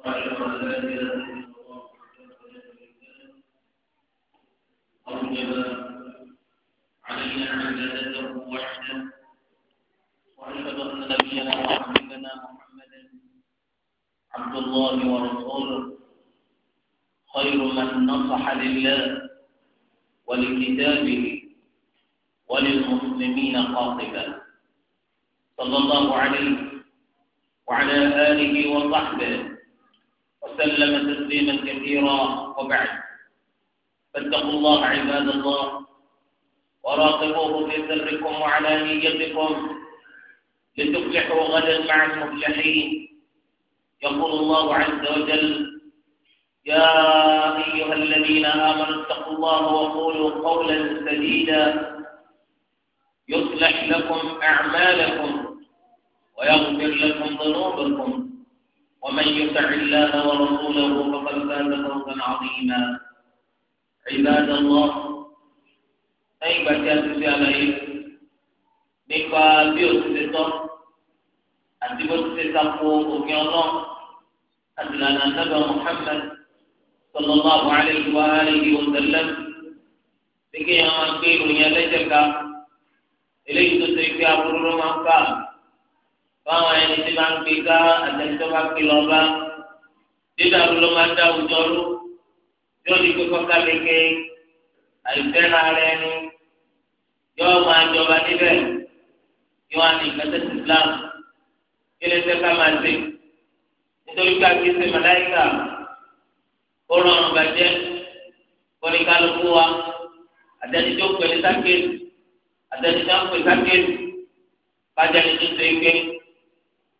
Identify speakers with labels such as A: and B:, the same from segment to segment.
A: وأشهد أن لا إله إلا
B: الله وحده لا شريك له أوجب علينا عبادته وحده وأشهد أن نبينا وحبيبنا محمدا عبد الله ورسوله خير من نصح لله ولكتابه وللمسلمين قاطبا صلى الله عليه وعلى آله وصحبه وسلم تسليما كثيرا وبعد فاتقوا الله عباد الله وراقبوه في سركم وعلى نيتكم لتفلحوا غدا مع المفلحين يقول الله عز وجل يا أيها الذين آمنوا اتقوا الله وقولوا قولا سديدا يصلح لكم أعمالكم ويغفر لكم ذنوبكم ومن يطع الله ورسوله فقد فاز فوزا عظيما عباد الله اي مكان في عليه نيكا بيوت سيطر أنتبه سيطاقو أبي الله أدنى النبي محمد صلى الله عليه وآله وسلم لكي يا ليتك اليس تسيك يا أبو الرمى fáwọn ẹni tí máa ń gbé ká àtẹnudọ́ bá gbé lọ bá dídá ló máa ń dá òjò ló yóò di pé kọ́ká léke àìfẹ́ ra rẹ ni yóò máa jọba níbẹ̀ yóò wá ní Islam kí lè fẹ́ ká máa ṣe nítorí pé akéṣe màláìkà ó rọrùn bàjẹ́ kọ́nìkálukú wa àtẹnudọ́ pẹ̀lú sákèjì àtẹnudọ́ pẹ̀lú sákèjì bàjẹ́ ní tuntun ike.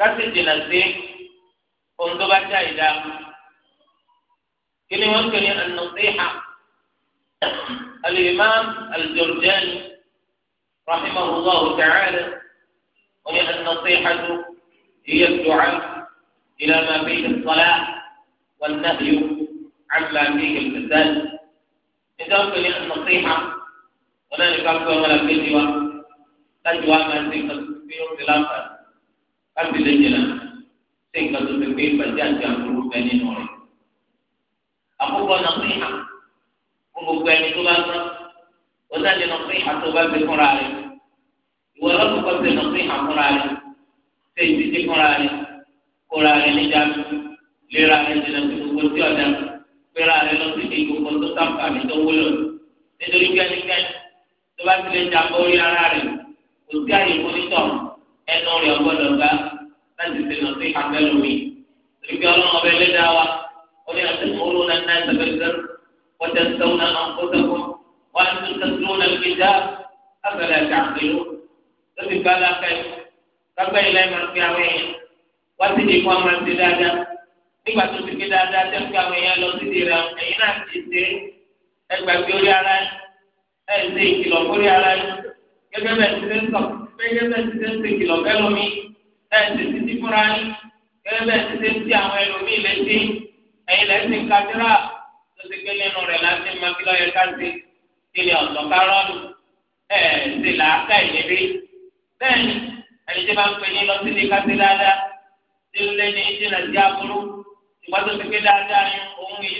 B: kásì dènà sí ohun tó bá jẹ àyíká kí ni wọn kò ní kiri ànàmdéhà alimam aljordani rahimahullah ta'ala wọn ni ànàmdéhà tó iye dùcà ilà máa bí ìsọlá wọn náà yóò àgbà bí ìfẹsẹ nígbà wọn kiri ànàmdéhà wọn náà ní ká fẹ́ wọn làkejì wa láti wá máa ń sèkà bí ó ti láǹfààní. kábílẹ̀ jìnnà sí nǹkan tó fi pé ìbàjẹ́ àti àbúrò bẹ nínú rẹ̀. àkókò náà fi hàn fún gbogbo ẹni tó bá tán wọ́n sáà nínú fi hàn tó bá fi fúnra rẹ̀ ìwọ ọlọ́kùnkọ́ sí nínú fi hàn fúnra rẹ̀ ṣe ìdíje fúnra rẹ̀ kóra rẹ̀ níjà lera rẹ̀ jìnnà sí gbogbo tí ọ̀dà pera rẹ̀ lọ sí ìgbòkò tó sáfà ní tó wúlò nítorí kẹ́nikẹ́ni tó bá ti jà bórí ẹnu rẹ̀ ọgbọ́dọ̀ gbá láti ṣe lọ sí abẹ́lómi. Ibi ọlọ́run ọbẹ̀ lẹ́dá wa, ó ní àti ìmúlò náà náà ṣẹ̀fẹ̀ṣẹ̀, wọ́n ti sẹ́wọ́n náà máa ń kó sẹ́kọ̀, wọ́n á ti sẹ́wọ́n náà fi dá abẹ́rẹ́ àti àpèlú. Ó ti gbá lápẹ́, lápẹ́ ilẹ̀ máa fi àwọn èèyàn, wọ́n ti di fún àwọn àti dáadáa. Nígbà tó ti fi dáadáa tẹ́ fi àwọn èèyàn lọ sí ti rẹ̀, ẹ̀yin náà ti ṣe ẹgbàgbé orí ara ẹ̀ ẹ̀ ṣe ìkìlọ̀ orí ara ẹ̀ gẹ́gẹ́ bẹ́ẹ̀ ti ṣe ń sọ̀rọ̀ bẹ́ẹ̀ bẹ́ẹ̀ ti ṣe ń ṣe kìlọ̀ bẹ́ẹ̀ lómi ẹ̀ ti ti ti fúnra yín bẹ́ẹ̀ bẹ́ẹ̀ ti ṣe ń ti àwọn ẹlòmíì létí ẹ̀yin lẹ́sìn kájúrà tó ti gbé nínú rẹ̀ láti máa kí lọ́yẹ káṣí ilé ọ̀sán kárọ́ọ̀lù ẹ̀ ṣe làákà ìlérí bẹ́ẹ̀ ni ẹni tí bá ń pè ní lọ sílé káṣí dáadáa tí lé ní ìdínà sí aburú ìgbà ti gbé dáadáa ní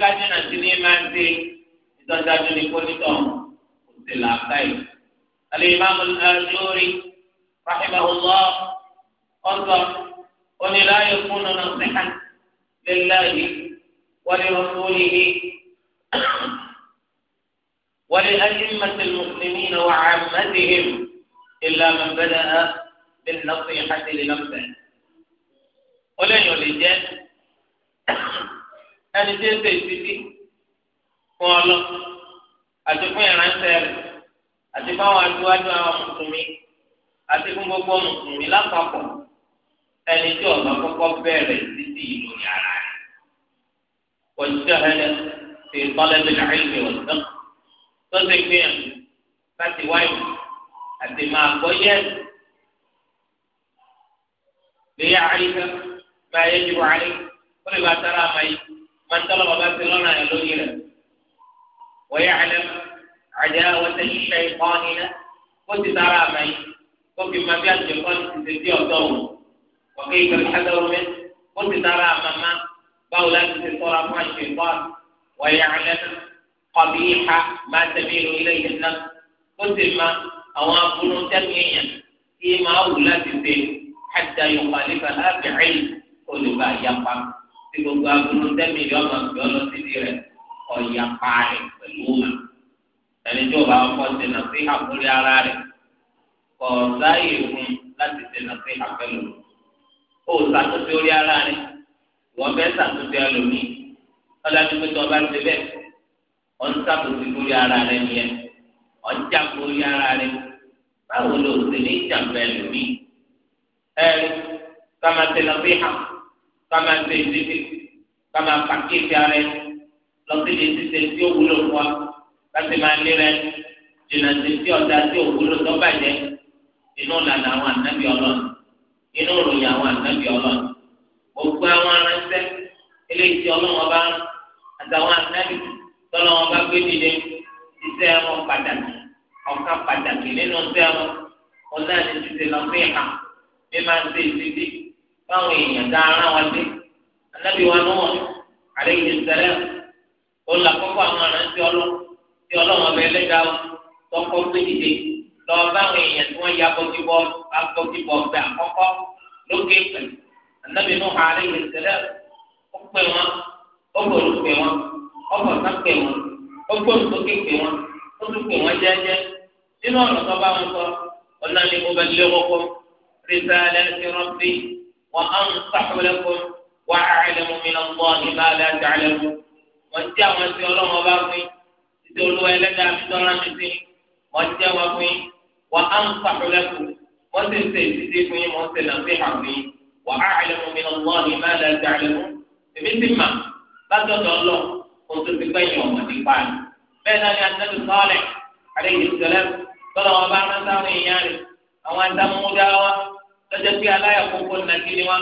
B: kájínà الإمام الآجوري رحمه الله انظر قل لا يكون نصحا لله ولرسوله ولأئمة المسلمين وعامتهم إلا من بدأ بالنصيحة لنفسه ولن يولد أن تنتهي fún ọlọ àti fún ìránṣẹ́ àti báwọn aṣíwájú àwọn mùsùlùmí àti fún gbogbo mùsùlùmí lápapọ̀ ẹni tí ọ̀gá kọ́kọ́ bẹ̀rẹ̀ títí ìlú yàrá rẹ̀ kọjá ẹni tí ìtọ́lẹ́bí làárí mi wọ̀ sọ́n tó ti gbìyànjú láti wáyé àti máa gbọ́ yẹ́ lèyà àríkà bá yẹ ju àrí ó lè bá tara àmà yìí máa ń tọ́lọ́ bàbá sí lọ́nà ẹ̀ lóye rẹ̀ wọ́n yà á lẹ́nu. عداوة الشيطان له قلت ترى معي وفي ما في الشيطان تسيتي أطول وكيف الحذر منه قلت ترى ماما قولا تسيطر مع الشيطان ويعلم قبيح ما تميل إليه النفس قلت ما أو أكون تمييا فيما أولى تسير حتى يخالفها بعلم قلت بقى يقع تقول أكون تمييا يوم أكون تسير أو يقع لك ẹni tí o bá kọ́ ṣe nà sí àkórí ara rẹ̀ kọ̀ sáyè fún láti ṣe nà sí àpẹlò o ṣàtúnṣe orí ara rẹ̀ wọ́n fẹ́ ṣàtúnṣe ẹlòmíì ọlọ́dún pé tí wọ́n bá ṣe bẹ́ẹ̀ wọ́n ń ṣàtúnṣe orí ara rẹ̀ nìyẹn wọ́n jàpọ̀ orí ara rẹ̀ báwo ló ṣe ní ìjàmbá ẹlòmíì ẹ̀rù kama ṣe nà hà kama ṣe ìdíje kama pàkíyèsí ara rẹ̀ lọ sí ìdíje tí ó wúlò fún wa láti máa lérẹ jìnnà sí tí ọ̀dà tí òwúlò tó bàjẹ́ inú lànà àwọn ànábì ọlọ́run inú ròyìn àwọn ànábì ọlọ́run gbogbo àwọn aránsẹ́ eléyìí tí ọlọ́run ọba àtàwọn ànábì tọ́lọ́run ọba gbé dìde iṣẹ́ wọn pàtàkì ọ̀ka pàtàkì nínú iṣẹ́ wọn ọ̀nà ni títí lọ sí ìhà bí máa ń ṣe ìṣiṣẹ́ báwọn èèyàn dá ara wọn dé ànábì wa náà àlẹ́ ìṣẹ̀lẹ̀ ó là tí ọlọ́run ọbẹ̀ ẹlẹ́dàá tọkọ gbé dìde lọ bá àwọn èèyàn tí wọ́n ya bọ́kíbọ́ bọ́kíbọ́ ọ̀gbẹ́ àkọ́kọ́ lókè pẹ̀ ànábì nù hàrí ìṣẹ̀lẹ̀ ó pè wọn ó gbòòrò pè wọn ó bọ̀tá pè wọn ó gbòòrò sókè pè wọn ó tún pè wọn jẹ́jẹ́ nínú ọ̀nà tó bá wọn sọ ọ̀nà ni mo bẹ lé wọ́pọ̀ rìsàlẹ̀ ti rọ́bì wọ́n á ń sàkólẹ́kọ̀ wọ́n á àlẹ́ mu mi lọ́wọ́ ní bá a lẹ́ àti àlẹ́ mu wọ́n ti àwọn ti ọlọ́run ọba fún yín ìdí olúwa ẹlẹ́dàá mi tọ́ra mi sí mọ́ jẹ́ wọn fún yín wà á ń sàkólẹ́kù wọ́n ti ń ṣe ìdíje fún yín wọ́n ti nà sí hàn fún yín wà á àlẹ́mú mi lọ́wọ́ ní má lẹ́ ti àlẹ́mú èmi ti mà látọ̀dọ̀ lọ kó tó ti gbẹ̀yìn ọ̀mọ̀ nípa rẹ̀ bẹ́ẹ̀ náà ni anábì sọ́ọ̀lẹ̀ àlẹ́yìn ìṣẹ̀lẹ̀ tọ́lọ̀ wọn bá rán sáwọn èèyàn rẹ̀ àwọn adámúdá wa lọ́jọ́ pé aláyàkókò nàkíní wa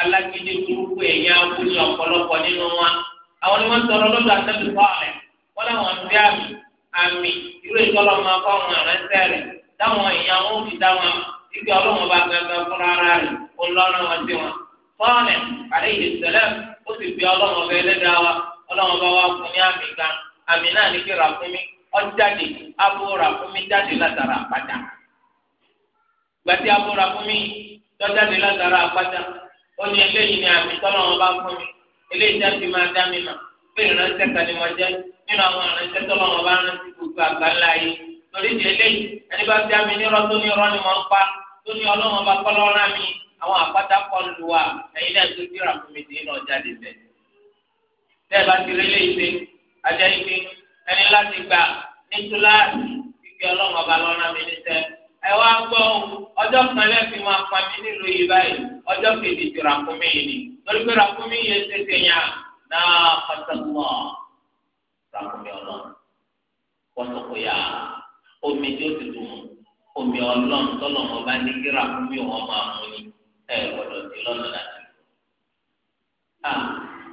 B: alágídí burúkú èèyàn abúlé ọ̀pọ̀lọpọ̀ nínú wa àwọn ni wọ́n sọ̀rọ̀ lọ́dọ̀ anábì sọ́ọ̀lẹ̀ wọ́n láwọn ti àmì àmì irú ìtọ́lọ́ máa kọ́ àwọn àrẹ́sẹ̀ rẹ̀ dáwọn èèyàn wọn fi dá ibi ọlọ́wọ́n bá gbẹgbẹ fúnra ara rẹ̀ ó lọ́nà wọn sí wọn. sọ́ọ̀lẹ̀ sẹ́lẹ̀ ó sì fi bẹ ẹlẹ́dàá wa bá fún ní àmì àmì náà ní kí abo jáde látara abo látara ó ní ní àmì bá fún mi nínú àwọn ìrìnsẹ̀ tọ́lọ́ wọn bá rántí gbogbo àgbáńlá yìí torí ìdí ẹni bá bí àmì nírọ́ tó ní ni wọ́n pa tó ní ọlọ́wọ́n bá kọ́lọ́ rán mi àwọn àpáta wa ẹ̀yin náà tó kíra fún mi dé náà jáde bẹ̀. bẹ́ẹ̀ bá ti rí léyìí ajá ike ẹni láti ni torí pé yìí ṣe ṣe yàn náà ràkúnmí ọlọ́run wọ́sọ̀kọ̀yà omi tí ó ti dùn omi ọlọ́run tọ́lọ̀ wọn bá ní kí ràkúnmí wọn máa mú ni ẹ gbọ́dọ̀ sí lọ́nà láti.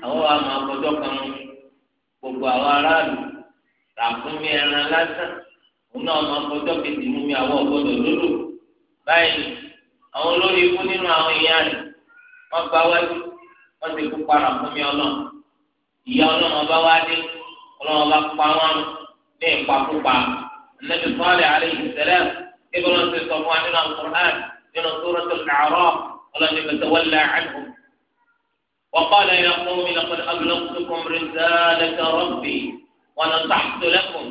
B: àwọn wa máa kan mú gbogbo àwọn aráàlú lásán kejì mú mi àwọn báyìí àwọn olórí ikú nínú àwọn gba wájú ọlọ́wọ́ bá pa wọn ní ìpakúpa anabi sọ́ọ̀lì aleyhi sẹ́lẹ̀m ibi wọn ti sọ fún wa nínú alukur'an nínú sóròtò làárọ̀ ọlọ́ni bẹ̀tẹ̀ wọ́n lẹ́ àánú. وقال يا قوم لقد أبلغتكم رسالة ربي ونصحت لكم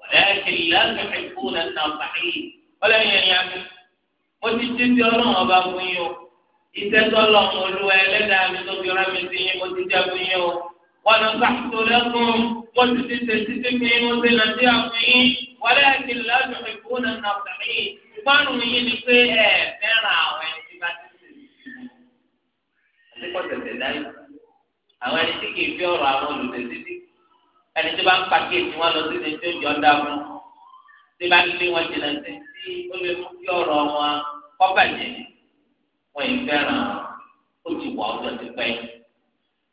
B: ولكن لا تحبون الناصحين ولا ينعم mọtítí tí ọlọ́run ọba fún yín o iṣẹ́ tọ́lọ́run olúwa ẹlẹ́dàá mi tó ونصحت لكم وتتسمين سنتيكم ولكن لا تحبون الناصحين ìpanu yìí ni pé ẹ fẹ́ràn àwọn ẹni tí bá ti sè é àtikọ́ tẹ̀tẹ̀ dáyé àwọn ẹni tí kì í fi ọ̀rọ̀ àwọn olùtẹ̀sí sí ẹni tí bá ń pàkíyèsí wọn lọ sí ní tí ó jọ dá fún tí bá lé wọn jìnnà sí tí ó lè mú kí ọ̀rọ̀ wọn kọ́ bàjẹ́ wọn ì fẹ́ràn ó ti wà ọjọ́ ti pẹ́ yìí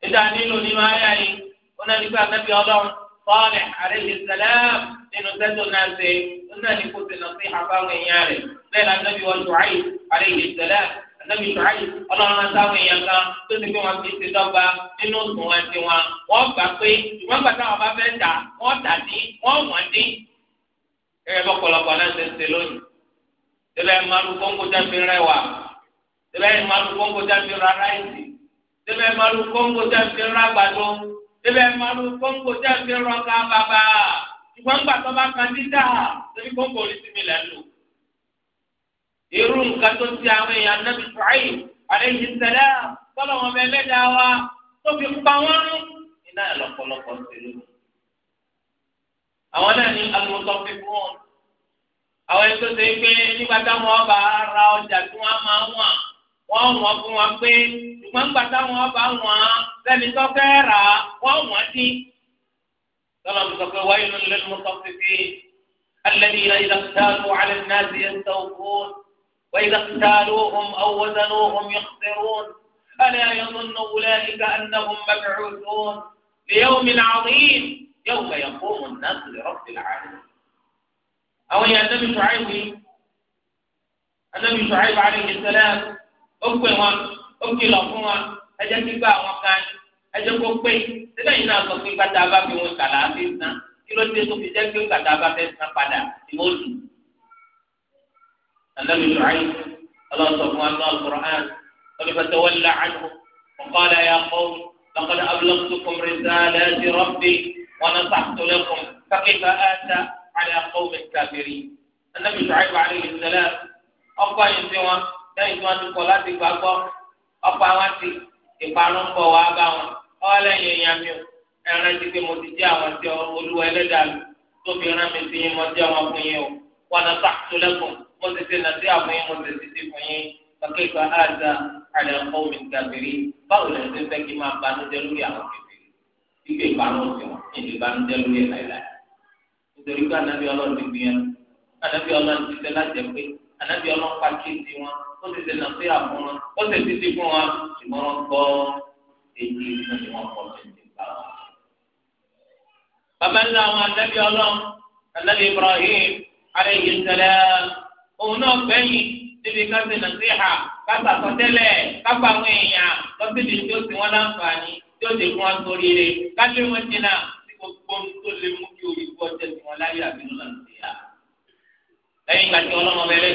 B: ìdá nínú nínú ayá yìí wọn náà nígbà tẹ́bi ọlọ́run fọ́ọ̀lẹ̀ àrẹ́lẹ̀ sẹ́lẹ̀m nínú sẹ́tò náà ṣe wọn náà ní kó ti nà sí àbáwọn èèyàn rẹ̀ bẹ́ẹ̀ náà tẹ́bi wọn ṣùáyì àrẹ́lẹ̀ sẹ́lẹ̀m tẹ́bi ṣùáyì ọlọ́run náà sáwọn èèyàn kan tó ti fi wọn fi ṣe dọ́gba nínú òsùn wọn ti wọn wọn gbà pé ìwọ́n gbà táwọn bá fẹ́ tà wọ́n tà dín wọ́n wọ́n dín ẹ̀rẹ́ bọ́kọ̀lọ́kọ̀ náà ṣe ń ṣe lónìí tẹ́lẹ̀ máa lu kóńgó jáde rẹwà tẹ́lẹ̀ máa lu kóńgó jáde rárá ìsì síbẹ̀ malu kóńgò tẹ̀ ń fi rọ àgbàdo síbẹ̀ malu kóńgò tẹ̀ ń fi rọ ká bàbà ṣùgbọ́n gbà tó bá kan dídà lórí kóńgò orí sí mi lẹ́nu. irú nǹkan tó ti àwọn èèyàn náà fi ṣàyè àlejò ìṣẹ̀lẹ̀ tọ́lọ̀ wọn bẹ lẹ́dàá wa tó fi pa wọ́n rún iná lọ́pọ̀lọpọ̀ sí lónìí. àwọn náà ní alùpùpù fi fún wọn. àwọn ẹni ṣe é pé nígbà táwọn ọba ara ọjà tí wọ́n máa wà wọ́n mọ̀ fún wọn pé ṣùgbọ́n ń gbàtà wọn bá wọn sẹ́ni tó fẹ́ rà wọ́n wọ́n dín. sọlá mi sọ pé wáyé ló lé mú sọ fífi alẹ́ni ilẹ̀ ìlà sàlù alẹ́ náà sì yẹn tó fún وإذا اختالوهم أو وزنوهم يخسرون ألا يظن أولئك أنهم مبعوثون ليوم عظيم يوم يقوم الناس لرب العالمين أو يا النبي شعيب النبي شعيب عليه السلام أقوى ó kìlọ̀ fún wa ẹjẹ́ gbígbà àwọn kan ẹjẹ́ kó pé síbẹ̀ yìí náà sọ pé gbàtà bá fi wọn kàlà á fi san kí ló dé tó fi jẹ́ pé gbàtà bá fẹ́ san padà ìmọ̀lù. النبي شعيب الله سبحانه وتعالى القرآن قل فتولى عنه وقال يا قوم لقد أبلغتكم رسالات ربي ونصحت لكم فكيف آتى على قوم كافرين النبي شعيب عليه السلام أقوى سوى لا يسوى الصلاة بأقوى ọ̀pọ̀ àwọn ti ìparun ń bọ̀ wá bá wọn ọlẹ́yìn èèyàn mi ẹran ti pé mo ti jẹ́ àwọn tí olúwa ẹlẹ́dàá mi tó fi rán mi sí yín mo jẹ́ ọmọ fún yín o wọn náà tà tó lẹ́kùn mo ti ṣe nàdí àwọn yín mo ti ṣe ti fún yín kàkéèkà àdá àdá ọ̀hún gàbìrì báwo lè ṣe fẹ́ kí máa banújẹ́ lórí àwọn kẹfìrì ìgbé ìparun sí wọn ìdí banújẹ́ lórí ẹ̀ láìláì nítorí pé ànábì ọlọ́run ti gbìyànjú ànábì ọlọ́run ti fẹ́ lájẹ pé ànábì ọlọ́run pa kéèsì wọn ó sì ṣe nà sí àfún wọn ó sì ti ti fún wọn ṣùgbọ́n wọn gbọ́ èyí tí wọ́n kọ́ sí ti gbà wọn. bàbá ńlá àwọn ànábì ọlọ́run ànábì Ibrahim alayhi salam òun náà gbẹ̀yìn níbi ká ṣe nà sí ha ká sàtọ́tẹ́lẹ̀ ká pa àwọn èèyàn lọ́sídìí tí ó sì wọ́n láǹfààní tí ó sì fún wọn sórí rẹ̀ ká lé wọn jìnnà gbogbo tó lè mú kí òyìnbó ọjọ́ tí wọ́n láyé àbínú náà ti yá.
A: lẹ́yìn ìgbà tí ọlọ́mọ bẹ̀rẹ̀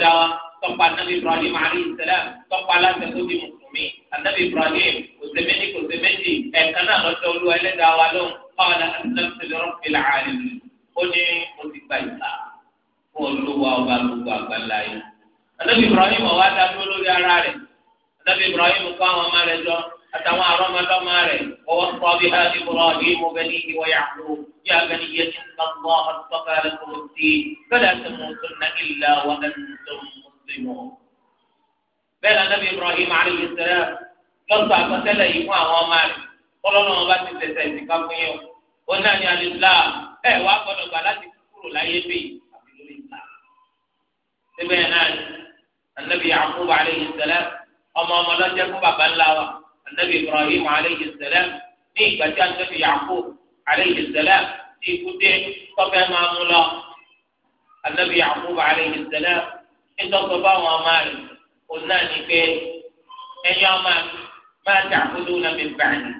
B: tọ́pa Nabi ibrahim alayhi salam tọ́pa aláṣẹ tó di mùsùlùmí anabi ibrahim kò ṣe méjì kò ṣe méjì ẹ̀ẹ̀kan náà lọ́jọ́ olúwa ẹlẹ́dàá wa lóhùn qala aslamtu li rabbil alamin ó ní mo ti gba ìta fún olúwa ọba gbogbo àgbáńlá yìí anabi ibrahim ọ̀wá dá dúró lórí ara rẹ̀ anabi ibrahim kọ́ àwọn ọmọ أتوا رمض ماره ووصى بها إبراهيم بنيه ويعقوب يا بني إن الله اصطفى لكم الدين فلا تموتن إلا وأنتم مسلمون بين النبي إبراهيم عليه السلام lọ́sọ̀ àkọsẹ́lẹ̀ yìí fún àwọn ọmọ rẹ̀ kọ́lọ́nà ọba ti tẹ̀sẹ̀ ìsìnká fún yẹn o náà ní alìsílám ẹ̀ wá gbọ́dọ̀ gbà láti kúrò láyé bí àbí lórí ìlà. síbẹ̀ náà anabi yakub aleyhi sẹlẹm ọmọ ọmọ lọ́jẹ́ fún baba ńlá wa anabi ibrahim aleyhi sẹlẹm ní ìgbà tí anabi yakub aleyhi sẹlẹm ti kú dé tọ́fẹ́ máa mú lọ anabi yakub aleyhi sẹlẹm ìtọ́sọ báwọn ọmọ rẹ̀ òun náà ní pé ẹ̀yin ọmọ máa dà kúndùn náà mi bàá ní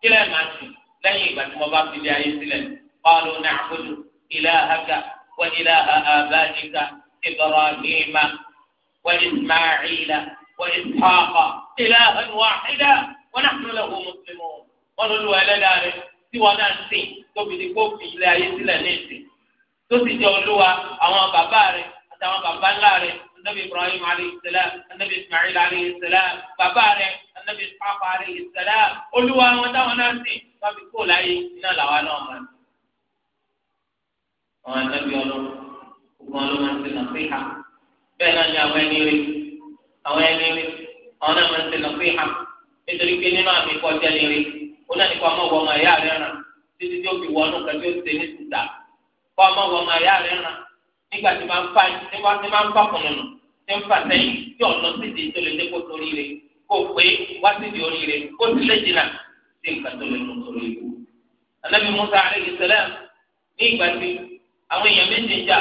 B: kílẹ̀ máa sùn lẹ́yìn ìgbà tí mo bá fi lé ayé sílẹ̀ qalu na'budu ilahaka wa ilaha abaika ibrahima wa isma'ila wa ishaqa ilahan wahida wa nahnu lahu muslimun wọn lólu ẹlẹ́dàá rẹ̀ tí wọn náà sìn tóbi ní kó fi ilé ayé sílẹ̀ ní ìsìn tó sì jẹ́ olúwa àwọn bàbá rẹ̀ àtàwọn bàbá ńlá rẹ̀ النبي إبراهيم عليه السلام النبي إسماعيل عليه السلام bàbá rẹ̀ النبي إسحاق عليه السلام olúwa wọn táwọn náà sìn wọn fi kó láyé iná làwa náà mọ̀ ní. àwọn ànábì ọlọ́run ogun ọlọ́run máa ń ṣe nàfíhà bẹ́ẹ̀ náà ni àwọn ẹni rí àwọn ẹni rí àwọn náà máa ń ṣe nàfíhà nítorí pé nínú àmì kọ́ jẹ́ ni rí ó náà ní kó ọmọ wọmọ ẹ̀yà rẹ̀ ràn títí tí ó fi wọnú kẹ́kẹ́ ó ti ṣe ní sùdà kó ọmọ wọmọ ẹ̀yà rẹ̀ ràn nígbà tí máa ń fa nígbà tí máa ń fa kùnùnù tí ń fa sẹ́yìn tí ọ̀nà sì di tó lè dé kó torí rẹ̀ kó pé wá sí di orí rẹ̀ kó sì lè jìnnà sí nǹkan tó lè mú torí rẹ̀. Ànábì Musa alayhi salam ní ìgbà tí àwọn èèyàn méjì jà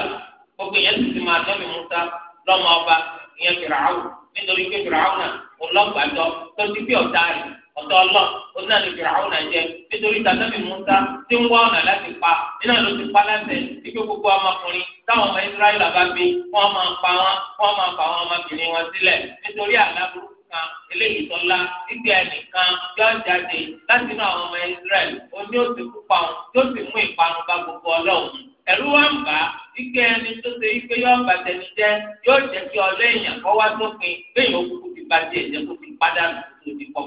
B: gbogbo èèyàn sì ti máa Ànábì Musa lọ́mọ ọba ìyẹn Fìràwù nítorí pé Fìràwù náà kò lọ́gbàdọ́ tó ti bí ọ̀tá rẹ̀ ọ̀tọ̀ ọlọ́ onáàlú Fìràwù náà jẹ nítorí tàbí Musa ti ń wá ọ̀nà láti pa iná ló ti palẹ́sẹ̀ wípé gbogbo ọmọkùnrin táwọn ọmọ israẹli bá bí wọn máa pa wọn wọn máa pa àwọn ọmọbìnrin wọn sílẹ̀ nítorí àlábùrú kan eléyìí tó ńlá títí ẹnìkan yọ jáde láti inú àwọn ọmọ israẹli ó ní ó ti kú pa wọn yóò sì mú ìparun bá gbogbo ọlọ́run ẹ̀rú wa ń bá ike ẹni tó ṣe ike yọ bàtẹni jẹ yóò jẹ́ kí ọlọ èèyàn kọ wá sófin léyìn òkúkú ti bàjẹ́ ìjẹkù ti padà tó ti kọ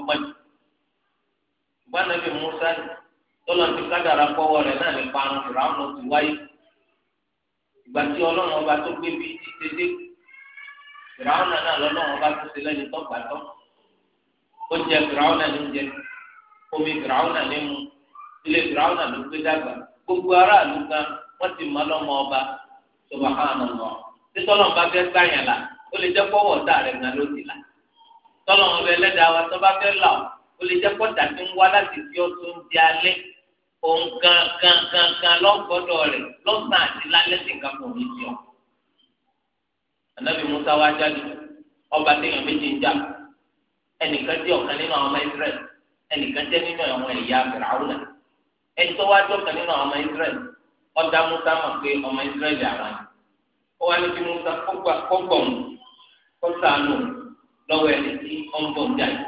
B: ìgbà náà fi mú sáyẹn tọ́lọ̀ ti kádàrà kọ́wọ́ rẹ̀ náà ní parun fìràwọn ti wáyé ìgbà tí ọlọ́run ọba tó gbé bíi ti dédé fìràwọn náà lọ́lọ́run ọba tó ṣe lẹ́ni tọ́gbàtọ́ ó jẹ fìràwọn náà ní jẹ omi fìràwọn náà ní mu ilé fìràwọn náà ló gbé dàgbà gbogbo aráàlú gan wọ́n ti mọ ọlọ́mọ ọba tọba hànà lọ títọ́lọ́n bá fẹ́ gbàyàn la ó lè jẹ́ kọ́wọ́ ọ̀dà rẹ̀ gan ló ti la tọ́lọ́n ọba ẹlẹ́dàá wa tọ́ba fẹ́ là ó lè jẹ́ kọ́ta òun gan gan gan gan lọ́gbọ́dọ̀ rẹ̀ lọ́sàn àti lálẹ́ sì kan kò ní sí ọ. Ànábì Musa wá jáde ọba téèyàn méjì ń jà ẹnìkan jẹ́ ọ̀kan nínú àwọn ọmọ Israẹ̀l ẹnìkan jẹ́ nínú àwọn ẹ̀yà Fìràwùnà ẹni tó wá jẹ́ ọ̀kan nínú àwọn ọmọ Israẹ̀l ọ̀dà Musa mọ̀ pé ọmọ Israẹ̀l àwọn ni. Ó wá ní kí Musa kó gbọ̀n kó sànù lọ́wọ́ ẹni tí ó ń bọ̀ ń jà yìí.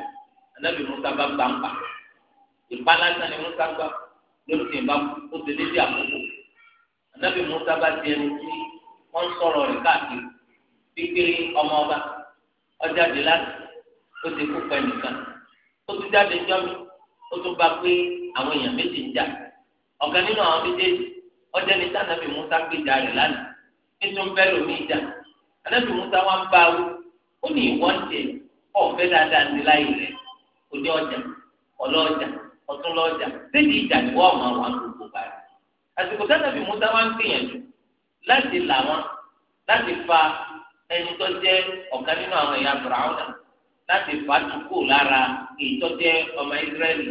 B: Ànábì Musa bá gbà ń pa ìpalásán ni Musa gbà lórí tí ìbá ó ti dédé àkókò ànábì musa bá di ẹni tí wọn ń sọ̀rọ̀ rẹ̀ káàkiri pípé ọmọ ọba ọjáde láti ó ti kú pẹ nìkan ó tún jáde jọmi ó tún bá pé àwọn èèyàn méjì ń jà ọ̀kan nínú àwọn méjèèjì ọjà ní sànàbì musa pé ìjà rẹ̀ lánàá nítorí bẹ́ẹ̀ lómi ìjà ànábì musa wá ń bá a ó ní ìwọ́n tiẹ̀ ọ̀fẹ́ dáadáa ní láyé rẹ̀ ó ní ọjà ọlọ́ọ̀jà ọtún lọ́jà síbi ìjà ni wọ́n máa wọn gbogbo báyìí. àsìkò sẹ́nà bí musa wá ń gbìyànjú láti là wọn láti fa ẹni tó jẹ́ ọ̀kan nínú àwọn ẹ̀yà fìràwọ́nà láti fa tukù lára èyí tó jẹ́ ọmọ ìsírẹ́lì.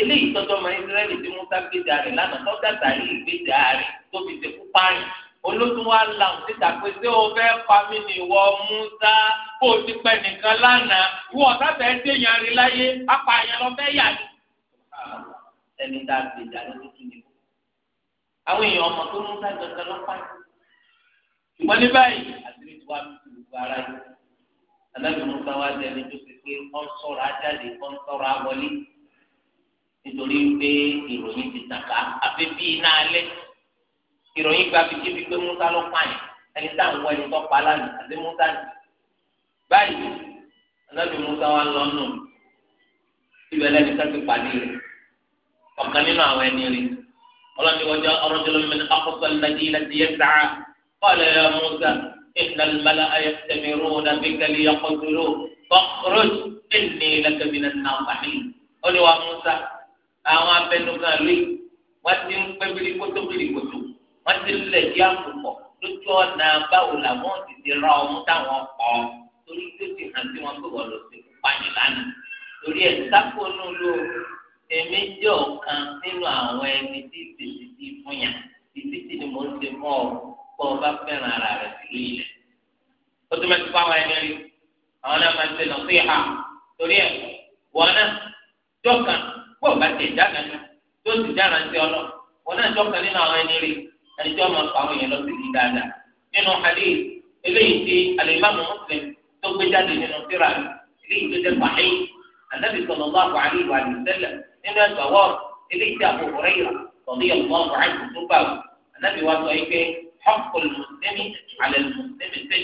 B: eléyìí tọ́jọ́ ọmọ ìsírẹ́lì tí musa gbéjà rẹ̀ lánàá tó dàgbà yìí gbéjà rẹ̀ tó fi ṣe kú páyìn olótún wa la òun síta pé ṣé o fẹ́ pa mí ní ìwọ musa kó o ti pẹ́ nìkan lánàá ìwọ ọ̀sán fẹ́ẹ́ dé yan láyé apààyàn lọ fẹ́ yà ẹni tá a gbèjà ló tó tún níbò àwọn èèyàn ọmọ tó mú sáà gbẹgbẹ lọ́pàá yìí ṣùgbọ́n ní báyìí àtìrí tí wàá fi gbogbo ara yìí alábìrin mú sáwá dẹni tó ti pé wọ́n sọ̀rọ̀ ajáde wọ́n sọ̀rọ̀ awọlé nítorí pé ìròyìn ti tàkà àfi bí iná alẹ́ ìròyìn gba fi kíbi pé Musa ló pààyàn ẹni tá à ń wọ ẹni tó pa lánàá àti Musa nì báyìí alábìrin Musa wa lọ nù ibẹ̀ lẹ́ni ká ti pàdé rẹ̀ ọ̀kan nínú àwọn ẹni rí ọlọ́ni wọ́n jẹ́ ọ̀rọ̀dúnlọ́mìn akọ́sọ́lì nàìjíríà ti yẹ sàá kọ́lẹ̀ ya musa ìnà mẹ́lẹ̀ ayé tẹ̀mí rúnà bí kẹ́lí ọkọ̀dúró fọ́kúrọ́d ẹ̀ní lẹ́kẹ̀mínà náà wáyé ọ̀ni wa musa àwọn abẹnugan rí wọ́n ti ń pẹ́ bírí kótó bírí kótó wọ́n ti lẹ̀ dí àkùkọ lójú ọ̀nà báwo làwọn ti ti ra ọmú táwọn pọ̀ torí tó ti hàn sí wọn pé wọ́n lọ sí èmi jẹ́ ọ̀kan nínú àwọn ẹni tí tètè ti fún yàn títí tí ni mo ń ṣe ọ kó o bá fẹ́ràn ara rẹ̀ sílé ilẹ̀. ó tún bẹ ti fáwọn ẹni rí àwọn náà máa ń ṣe lọ́sí ha torí ẹ̀ wọ́n náà jọ́kan kó bá ní tó ti sí ọ lọ wọ́n náà jọ́kan nínú àwọn ẹni rí ẹni tí wọ́n máa fa àwọn èèyàn lọ sí dáadáa nínú eléyìí ti tó gbé jáde nínú síra nínú ẹgbàá wọ́ọ̀rù eléyìí tí àbò rẹ̀ yà tọ́lé ọ̀gbọ́n ọ̀rọ̀ àìsàn tó bá wù ànábì wa sọ yìí pé haqqul muslimi ala muslimi ṣe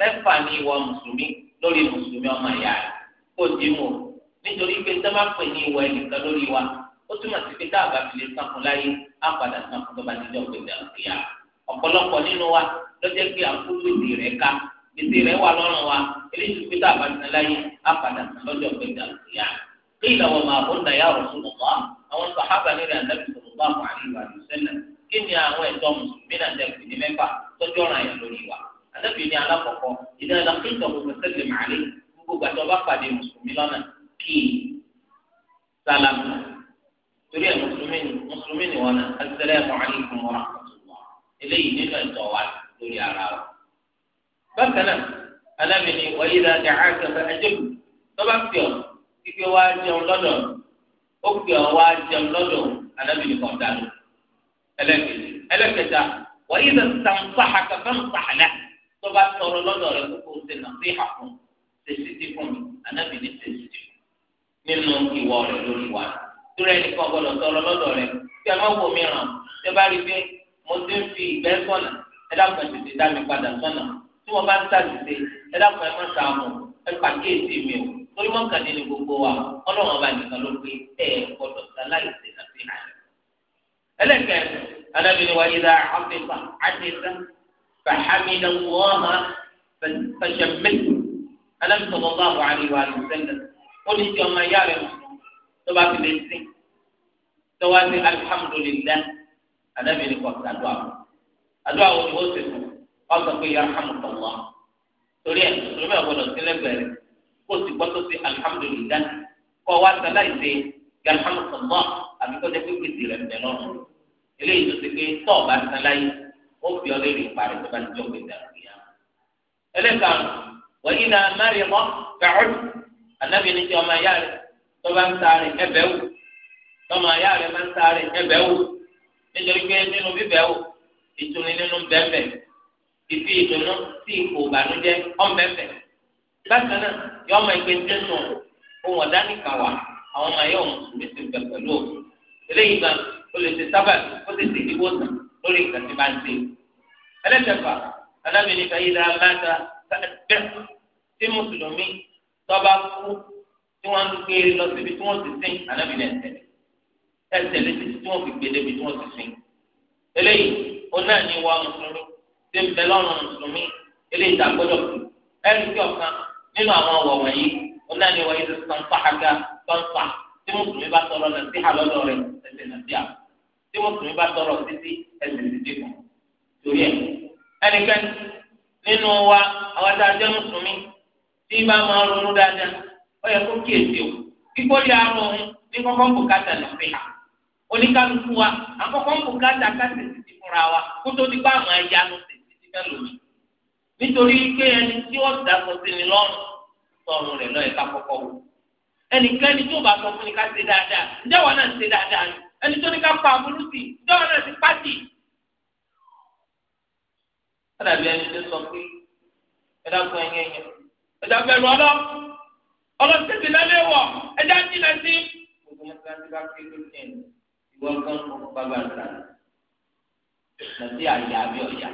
B: mẹ́fà ní ìwọ mùsùlùmí lórí mùsùlùmí ọmọ ìyá rẹ̀ kó dì í o nítorí pé sábà pè ìwọ ẹnìkan lórí wa ó túmọ̀ sí pé tá fi lè sanfun láyé á padà sanfun lọ́jọ́ gbèdà ìyá قيل وما قلنا يا رسول الله أو الصحابة لنا النبي صلى الله عليه وسلم kí ni àwọn ẹ̀tọ́ mùsùlùmí náà jẹ́ ìpínlẹ̀ mẹ́fà tọ́jú ọ̀ràn yẹn lórí wa anábì ní alákọ̀ọ́kọ́ ìdájọ́ kíntọ̀ gbogbo sẹ́lẹ̀ màálí gbogbo gbàtọ́ bá pàdé mùsùlùmí lọ́nà kí sálámù torí ẹ̀ mùsùlùmí ni mùsùlùmí ni wọn náà assalamu alaykum wa rahmatullah eléyìí nínú ẹ̀tọ́ wa lórí ara wa. bákan náà anábì ní wàyí dáadáa àgbẹ̀ ike wá jẹun lọ́dọ̀ ó pè ọ́ wá jẹun lọ́dọ̀ anábìrì kan dànù ẹlẹ́kẹ̀ẹ́ ẹlẹ́kẹ̀ẹ́ta wàyí lè sàǹfàhà kàfẹ́ nsàhàlà tó bá tọrọ lọ́dọ̀ rẹ kókó ṣe nà sí àfún ṣèṣì ti fún mi anábìrì ṣèṣì ti fún nínú ìwọ rẹ lórí wa tóra ẹnìkan gbọ́dọ̀ tọrọ lọ́dọ̀ rẹ tí a máa wò mìíràn tẹ bá rí pé mo ti ń fi ìgbẹ́ sọ̀nà ẹ dákun ẹ̀ tètè dá mi padà sọ̀nà tí wọ́n bá ń sàdìsẹ́ ẹ dákun ẹ má sàmù ẹ pàkíyèsí mi o torí wọn kàdé ní gbogbo wa ọlọ́run ọba nìkan ló pé ẹ gbọ́dọ̀ sáláìsì àti àyè. ẹlẹ́kẹ̀ alábìnrin wa yíra àfẹ́fà àdéhà fàhámìnà wọ́ọ̀mà fẹsẹ̀mẹ́ alábìnrin wọn bá wà àríwá àlùsẹ́lẹ̀ ó ní tí ọmọ ìyá rẹ̀ tó bá fi lè sìn tó wá sí alihamudulilayi alábìnrin kọ̀ sàdúrà àdúrà wo ni ó sì fún ọ sọ pé yàrá hàmùtọ̀ wọn torí ẹ̀ torí ẹ̀ gbọ́dọ̀ sílẹ̀ bẹ̀rẹ̀ kó o sì gbọ́ tó ṣe alihamudulilayi kọ́ wa sálá ìṣe alihamudulilá àbí kó o jẹ́ pé gbèsè rẹ̀ bẹ̀ lọ́nà eléyìí tó ṣe pé tọ́ ọ̀bá sálá yìí ó fi ọ lè rí parí tó bá ti jọ gbèsè àríyá. ẹlẹ́ka wà ní náà mẹ́rin mọ́ fẹ́ọ́dù anábì ní ti ọmọ ayá rẹ̀ tó ń sáré ẹbẹ̀ wò tọmọ ayá rẹ̀ máa ń sáré ẹbẹ̀ wò nítorí pé nínú bíbẹ̀ wò ìtùnú nínú bẹ́ẹ̀ bẹ́ẹ̀ ìfi ìdùnnú sí ipò bákan náà yọ ọmọ ìgbé tẹsán ohun ọ̀dá nìkan wà àwọn ọmọ ayé ọ̀hún sì ti bẹ̀ pẹ̀lú òun eléyìí gan o lè ṣe sábà ó ti ṣe ìdíwọ́ sàn lórí nǹkan tí bá ń ṣe. ẹlẹ́tẹ̀fà alábìnrin fàyídà aláta bẹ́ẹ̀ tí mùsùlùmí tọ́ba kú tí wọ́n ń gbé lọ síbi tí wọ́n ti sìn alábìnrin ẹ̀sẹ̀ ẹ̀sẹ̀ létí tí wọ́n fi gbé débi tí wọ́n ti sìn. eléyìí ó náà ní wa mùsùlùmí tí ń bẹ lọ́rùn mùsùlùmí eléyìí tàgbọ́dọ̀ ẹ̀rí kí ọ̀kan nínú àwọn ọ̀wọ̀ wọ̀nyí ó náà ní wọ́n yí sọ́nfà àga sọ́nfà tí mùsùlùmí bá tọrọ náà sí àlọ́dọ̀ rẹ̀ ẹsẹ̀ náà sí àpò tí mùsùlùmí bá tọrọ títí ẹsẹ̀ títí kan torí ẹ̀ ẹnikẹ́ni nínú wa àwọn tá a jẹ́ mùsùlùmí tí bá máa ronú dáadáa ó yẹ kó kí èsì o kíkó lè arọ òun ní kọ́kọ́ ń bùkátà lè fi hàn oníkálukú wa àkọ́kọ́ ń bùkátà ká tètè fúnra wa kó ti bá àwọn ẹja lọ tètè fẹ́ lòmìn
A: nítorí pé
B: ẹni tí ó dàgbọ́ sí ni lọ́rùn sọ̀rọ̀ rẹ̀ lọ́yẹ̀ ká kọ́kọ́ wò ẹnikẹ́ni tí ó bá sọ fún ni ká ṣe dáadáa ǹjẹ́ wọn náà ń ṣe dáadáa ni ẹni tó ní ká pa àbúrú sí ǹjẹ́ wọn náà ti pàtì. ọ̀dàbí ẹni tó sọ pé ẹ̀dá kan ẹ̀yẹ yẹn ẹ̀dá bẹ̀rù ọlọ́ ọlọ́sẹ̀bí lálẹ́ wọ̀ ẹ̀dá jìnà sí. gbogbo yẹn ká ti bá ké lókè ìwọ gan bàbá rẹ̀ láti àyà àbí ọ̀yà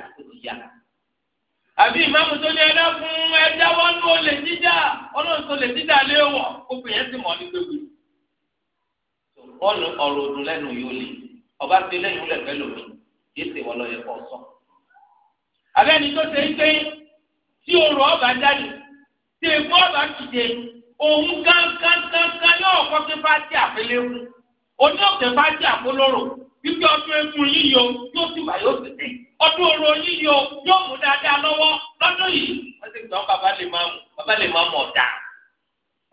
B: àbí ìmáàmù tó ní ẹ̀dá fún ẹ̀dá wọn ní olè jíjà ọlọ́run tó lè jíjà lé wọ̀ kó bìyẹn sì mọ̀ ní gbégbé. bọ́ọ̀lù ọ̀rọ̀ ọdún lẹ́nu yóò lè ọba ti lẹ́yìn ó lè fẹ́ lòmí kì í ṣe wọ́n lọ́yẹ kọ́ sọ. abẹ́ni tó ṣe ń pé tí orò ọba jáde tí èkó ọba kìde òun gángan gángan yóò kọ́ sí fáti àfẹlẹ́wù oní òkè fáti àfọlọ́rọ̀ gbígbé ọdún egun yíyọ yóò ti wà yóò ti dé ọdún oró yíyọ yóò mú dáadáa lọ́wọ́ lọ́dún yìí wọ́n ti gbọ́n bàbá lè máa mú bàbá lè máa mọ̀ dá.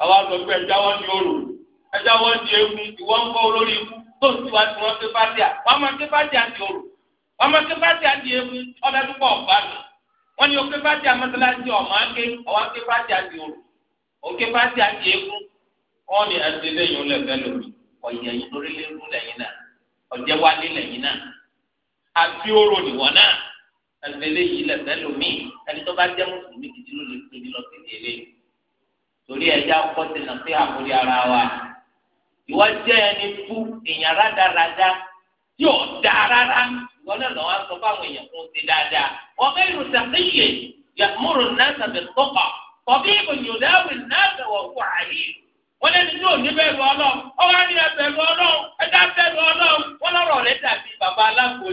B: àwa sọ pé ẹja wọn di oró ẹja wọn di egun ìwọ ń kọ́ olórí ikú tó ń tiwa tí wọ́n ké fásíà wọ́n máa ké fásíà di oró wọ́n máa ké fásíà di egun ọ̀dà dúpọ̀ ọ̀gbá nù wọ́n ní oké fásíà mọ́tàláṣí ọ̀mọ́ ké ọ̀wá ké fásíà di oró oké fásíà di egun wọ́n ní ẹ̀sìn lẹ́yìn olè ọ̀jẹ̀ wá nílẹ̀ yìí náà àti oró nìwọ̀n náà ẹgbẹ́lẹ́ yìí lẹ̀fẹ́ lomi ẹni tó bá jẹ́ mùsùlùmí gidi ló lè tóbi lọ sí ìdílé torí ẹja ọkọ ti nà sí àkórí ara wa ìwọ jẹ́ ẹni fún èèyàn rádaràda tí ò dáa rárá ìwọ náà lọ́wọ́ sọ fáwọn èèyàn fún ti dáadáa ọmọ ìrù sàkéyè yàtúmùrù náà sàbẹ̀ tọ́kà kọ̀bí ìbò yòdáwì náà sọ̀wọ́ fún àyè wọ́n lẹ́nu tí ò ní bẹ̀rù ọlọ́run ọwọ́ á ní ẹbẹ̀rù ọlọ́run ẹ̀dá bẹ̀rù ọlọ́run wọ́n dàbí bàbá aláǹgbò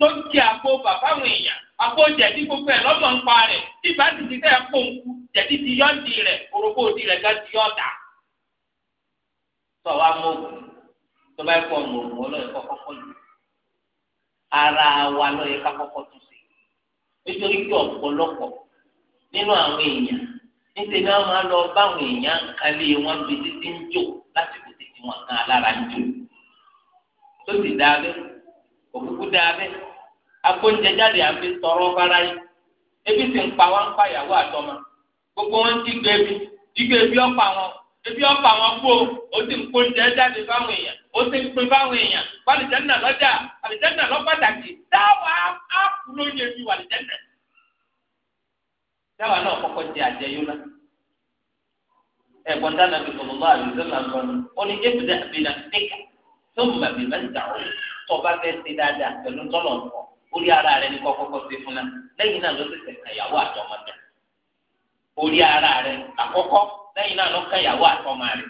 B: tó ń jẹ àpò bàbá àwọn èèyàn àpò jẹ̀dí gbogbo ẹ̀ ń pa tí ti ti fẹ́ pò ń kú ti di di gan ti níṣẹ́ ni wọ́n máa lọ báwọn èèyàn kálí wọn bí títí ń jò láti kó títí wọn kan alára ń jò tó sì dáa bẹ́ẹ̀ òkùnkùn dáa bẹ́ẹ̀ agbóúnjẹ jáde àfi tọrọ fara yìí ebi sì ń pa wọn ń pa ìyàwó àtọmọ gbogbo wọn ti gbé ebi jígbé ebi ọ̀pọ̀ àwọn ebi ọ̀pọ̀ àwọn kú o ó sì ń kóúnjẹ jáde fáwọn èèyàn ó sì ń pin fáwọn èèyàn wàlìjẹ́nà lọ́jà wàlìjẹ́nà lọ́pàtàkì dáwàá áàpù lóye bí wàlìjẹ́nà káwa náà kọ́kọ́ di àjẹyó náà ẹ̀gbọ́n dáná bí sọlọ́lá àdìsẹ́lá ń sọnù ó ní ébùdá àbínà níkà tó mọ̀ bí bá ń dà ó tọ́ba fẹ́ ṣe dáadáa pẹ̀lú tọ́lọ̀ nǹkan orí ara rẹ ní kọ́kọ́kọ́ ṣe fún náà lẹ́yìn náà ló ṣẹ̀ṣẹ̀ kàyàwó àtọmọdé orí ara rẹ àkọ́kọ́ lẹ́yìn náà ló kàyàwó àtọmọ rẹ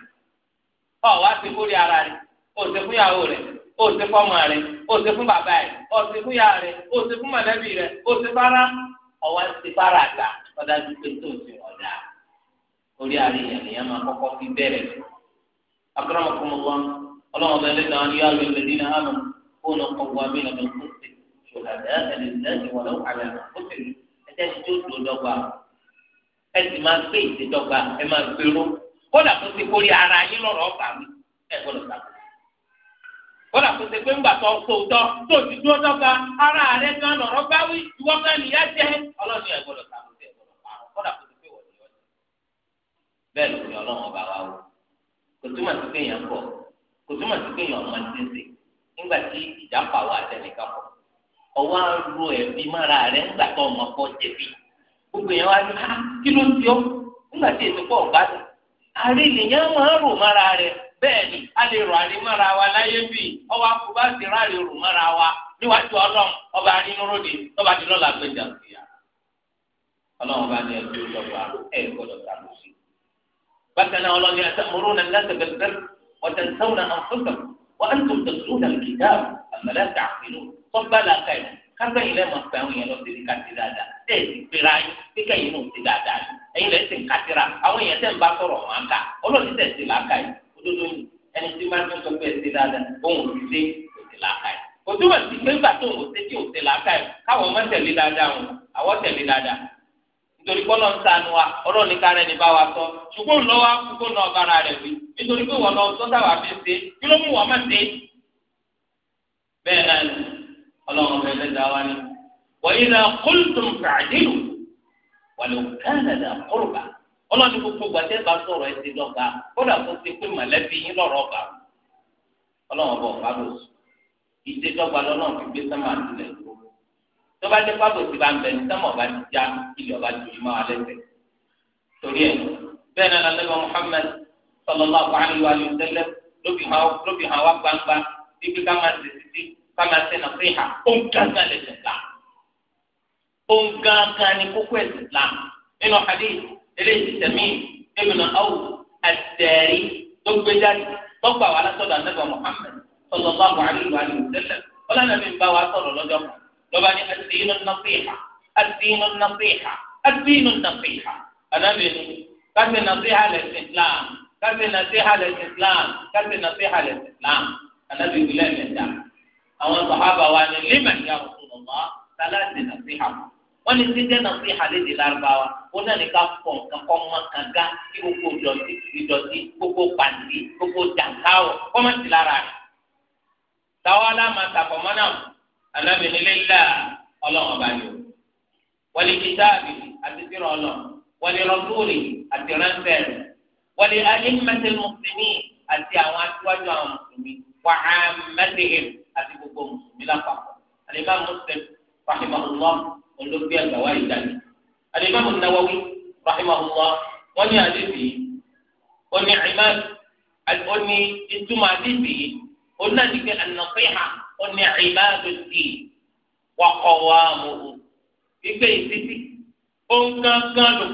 B: ọ̀ wá sí fúri ara rẹ ó ṣe fún ìyàwó rẹ ó ṣe fún ọmọ rẹ ó ṣe fún bàbá rẹ ó ṣe fún ìyá rẹ ó ṣe fún mọ̀lẹ́bí rẹ ó ṣe fara ọwọ́ ti fara àgbà ọ̀dájú pé tó o ti wọ̀ dáa orí àríyàn nìyẹn máa kọ́kọ́ fi bẹ̀rẹ̀ akramakumullah ọlọ́run ọba ẹlẹ́dàá wọn yóò rí ẹlẹ́dàá náà mọ̀ fún ọkọ̀ mi lọ́dún kó ṣe ṣòlàdá ẹlẹ́dàá wọn lọ́wọ́ àlẹ́ kó ṣe ẹjẹ́ ti tó dùn dọ́gba máa gbé ìṣèdọ́gba ẹ máa gbèrò kódà tó ti kórè ara yín lọ́rọ̀ ọ̀gbà mi ẹ gbọ́dọ̀ gbàgbọ́. wọ́n àpò ṣe pé ńgbà tó tòótọ́ tó ti ara rẹ̀ gan lọ̀rọ̀ bá wí ìwọ fẹ́ nìyá jẹ́ ọlọ́ni ẹ̀ gbọ́dọ̀ ta àwọn ẹ̀ gbọ́dọ̀ parọ́ wọ́n àpò ṣe pé wọ́n ti ọba wò kò túmọ̀ sí pọ̀ kò túmọ̀ sí ti ń sè nígbà tí ìjà pa wà pọ̀ ọwọ́ mára ńgbà tó ọmọ bẹ́ẹ̀ni a lè rọ àrímọ́ra wa láyé bíi ọwọ́ akóbá ti ráàlì rò mọ́ra wa níwájú ọlọ́run ọba arínúróde ọba ti lọ́la gbẹ̀jà ìyá ọlọ́run bá ní ẹjọ́ lọ́wọ́ ẹ̀ gbọ́dọ̀ ta lọ sí. bákan náà ọlọ́ni àtàkùnrin náà láti bẹ̀rẹ̀ ọ̀tẹ̀ sáwọn àǹfọ̀sọ̀ wọ́n á tún tẹ̀sùn náà kìdá àmàlà tààfin tọ́gbà làkà yìí kágbẹ́yìn lẹ́mọ̀ pé àwọn èèyàn lọ sí ní kàtí dáadáa tẹ̀ sí pera yín kíkẹ́yìn náà ti dáadáa ẹ̀yin lẹ́sìn kátìrà àwọn èèyàn tẹ̀ ń bá sọ̀rọ̀ wọn ká ọlọ́ọ̀ni tẹ̀ sí làkà yìí òdodo yìí ẹni tí máa ń tó sọ pé ẹsẹ̀ dáadáa òun ò sí òsè làákàyè kò túbọ̀ sí pé nígbà tó òun ò sí tí òsè làákàyè káwọn ọmọ tẹ̀lé dáadáa wọn àwọn tẹ̀lé dáadáa nítorí pé ọlọ́run sànù wa ọlọ́run ní kárẹ́ ní bá wa sọ ṣùgbọ́n òun lọ́wọ́ kókó náà bára rẹ̀ wí nítorí pé wọn lọ sọ́tà wà fi ṣe kí ló mú wọn má ṣe. bẹ́ẹ̀ náà ni ọlọ́run ọ̀bẹ ẹlẹ́dàá wa ni wọ́n yín náà kóńtùm fàdínù wọ́n lè kánadà kórùbà ọlọ́ni gbogbo gbàtẹ́ bá sọ̀rọ̀ ẹ ti dọ́gba kódà kó ti pé mọ̀lẹ́bí yín lọ́rọ̀ ọ̀gá ọlọ́wọ́n bọ̀ fábọ̀sì ìṣe dọ́gba lọ́lọ́run fi gbé sẹ́mà sílẹ̀ tó tó bá dé fábọ̀sì bá ń bẹ ní sẹ́mà ọba ti já ilé ọba ju ìmọ̀ alẹ́ tẹ̀ torí ẹ̀ bẹ́ẹ̀ náà lọ́lẹ́bà Muhammad sallallahu alaihi wa sallam lóbi hàn wá gbangba bíbí ká máa ṣe títí ká máa ṣe nàfíhà ó ń gángan lẹ́sìn Islam ó ń gángan ní kókó ẹ̀sìn Islam nínú hadith eléyìí ti tẹ̀mí ibn Awf ad-Dari tó gbé jáde tó gbà wà látọ̀dọ̀ anábà muhammed sallallahu ba wa sallam ọlọ́run náà fi ń bá wa sọ̀rọ̀ lọ́jọ́ kan lọ́ba ní ad-dinu an-nasiha ad-dinu an-nasiha ad-dinu an-nasiha anábì ní káfí nasiha lẹ́sìn Islam káfí nasiha lẹ́sìn Islam káfí nasiha lẹ́sìn Islam anábì islam kafi lè ti islam àwọn awon sọ̀hábà wa ní lima ya Rasulullah tálá wọ́n ní sídẹ́ náà sí àlejò lárúbáwá ó náà ní ká pọ̀ nǹkan kọ́ mọ́ kànga kí gbogbo ìdọ̀tí ìdọ̀tí gbogbo pàǹdí gbogbo jàǹkáwọ̀ kọ́ mọ́ sí lára rẹ̀. táwa láàmà tàbọ̀ mọ́nà alábìnrin ńlá ọlọ́run ọba yòó wọ́n lè kíta àbí àti sírọ̀ ọlọ́run wọ́n lè rọ́dúrì àti ránṣẹ́ rẹ̀ wọ́n lè ayé mẹ́tẹ́ mùsùlùmí àti àwọn aṣíwájú àwọn mùsùlùmí olóògbé àgbà wá yìí dání. Al-Imam An-Nawawi rahimahullah wọ́n ní àdébì yìí ó ní ìmá ó ní ìtumọ̀ àdébì yìí ó náà ní pé an-nasiha ó ní ìmá lòdì wa qawamuhu gbígbé ló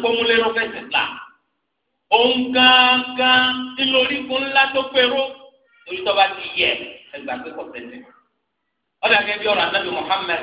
B: pọ́nmúlérò fẹsẹ̀ gbà òun gángan ńlá tó pérò torí ti yẹ ẹgbàá pé kò fẹsẹ̀. ọ̀dà ọ̀rọ̀ anábì Muhammad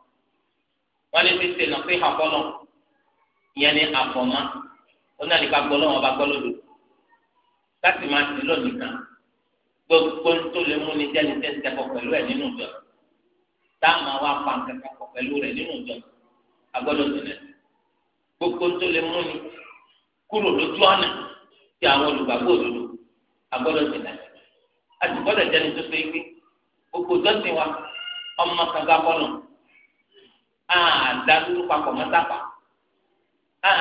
B: wọn lè ti ṣe nà pé àfọlọ ìyẹn ni àfọmá onáníkà gbọlọ wọn bá gbọlọ lò láti máa ti lọ nìkan gbogbo tó lè mú ni jẹni tẹ tẹkọ pẹ̀lú ẹ nínú ìjọ táwọn wa pa nǹkan kẹkọ pẹ̀lú rẹ nínú ìjọ agbọ́dọ̀ tẹ́lẹ̀ gbogbo tó lè mú ni kúrò lójú ọ̀nà tí àwọn olùgbàgbọ́ òdodo agbọ́dọ̀ tẹ́lẹ̀ àti gbọ́dọ̀ jẹni tó fẹ́ gbé gbogbo dọ́sìn wa ọmọ kan kọ́nà àdàlúrú papọ̀ mọ́ sábà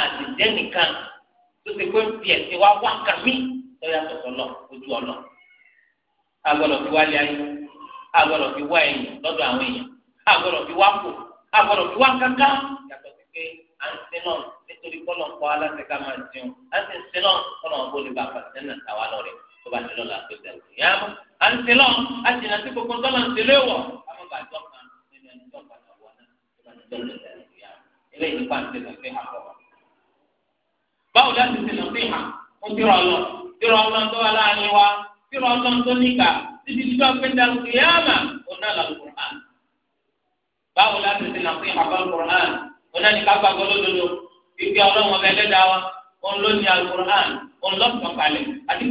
B: àdìjẹ́ nìkan tó ti pé fi ẹ̀sìn wá wá nǹkan mí lọ́yà tọ̀tọ̀ lọ ojú ọ̀nà agbọ́dọ̀ fi wá lé ayé agbọ́dọ̀ fi wá ẹ̀yìn lọ́dọ̀ àwọn èèyàn agbọ́dọ̀ fi wá kù agbọ́dọ̀ fi wá kankan yàtọ̀ sí pé à ń sin náà nítorí kọ́nà kọ́ aláṣẹ ká máa jẹun à ń sin sin náà kọ́nà ọ̀gbọ́n ní bàbá sẹ́nà tàwa lọ rẹ̀ tó bá ti lọ́la pé sẹ́nà ìyá lẹ́yìn ìdàgbéyà eléyìí nípa ń tẹ̀lé fi hàn lọ́wọ́. báwo láti tẹ̀lé fi hàn fún tìrọ̀ lọ tìrọ̀ ọlọ́run tó wà láàrin wa tìrọ̀ ọlọ́run tó níkà títí tí wọ́n fi ń dàrú sí yáàmà ọ̀nà làlùkùrán. báwo láti tẹ̀lé fi hàn lọ́kùrán ọ̀nà ní ká gbàgbọ́ ìgbé ọlọ́run ọbẹ̀ lẹ́dàá wa òun ló ní alùkùrán òun lọ́sọ̀kalẹ̀ àti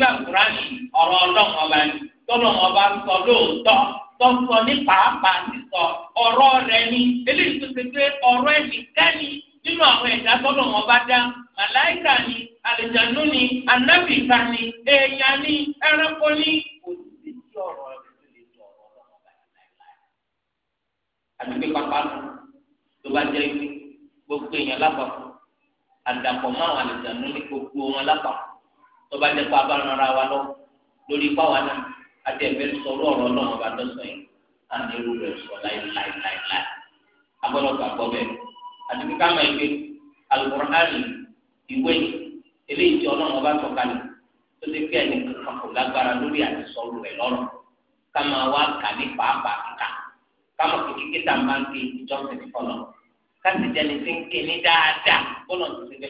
B: tọ́sọ ní pàápàá sísọ ọ̀rọ̀ rẹ̀ ni eléyìí tó ṣe pé ọ̀rọ̀ ẹnìkẹ́ni nínú àwọn ẹ̀dá tọ́lọ̀ wọn bá dá màláìkà ni àlejànú ni anábìkà ni èèyàn ni ẹranko ni òṣìṣẹ́ tí ọ̀rọ̀ rẹ̀ tó lè tọ̀ ọ̀rọ̀ wọn bá láìláì. àdúgbò pápá tó bá jẹ́ ibi gbogbo èèyàn lápapọ̀ àdàpọ̀ mọ́ àwọn àlejànú ní gbogbo wọn lápapọ̀ tó bá jẹ́ pé abárànra wa lọ lórí pàwọn náà àti ẹ̀fẹ́ sọ̀rọ̀ ọ̀rọ̀ náà ọba tọ́sán yìí àti irú rẹ̀ sọ láìláìláìláì agbọ́dọ̀ gbàgbọ́ bẹ́ẹ̀ àti kíkà máa ń gbé alukóraní ìwé eléyìí tí ọlọ́run ọba tọ́kalẹ̀ tó ti kí ẹni kankan kò lágbára lórí àti sọ̀rọ̀ rẹ̀ lọ́rọ̀ ká máa wá kà ní pàápàá kíkà ká mọ̀ kí kíkítà máa ń gbé ìjọsìn ní fọlọ́ ká sì jẹ́ni tí ń ké ní dáadáa bọ́lá ti ti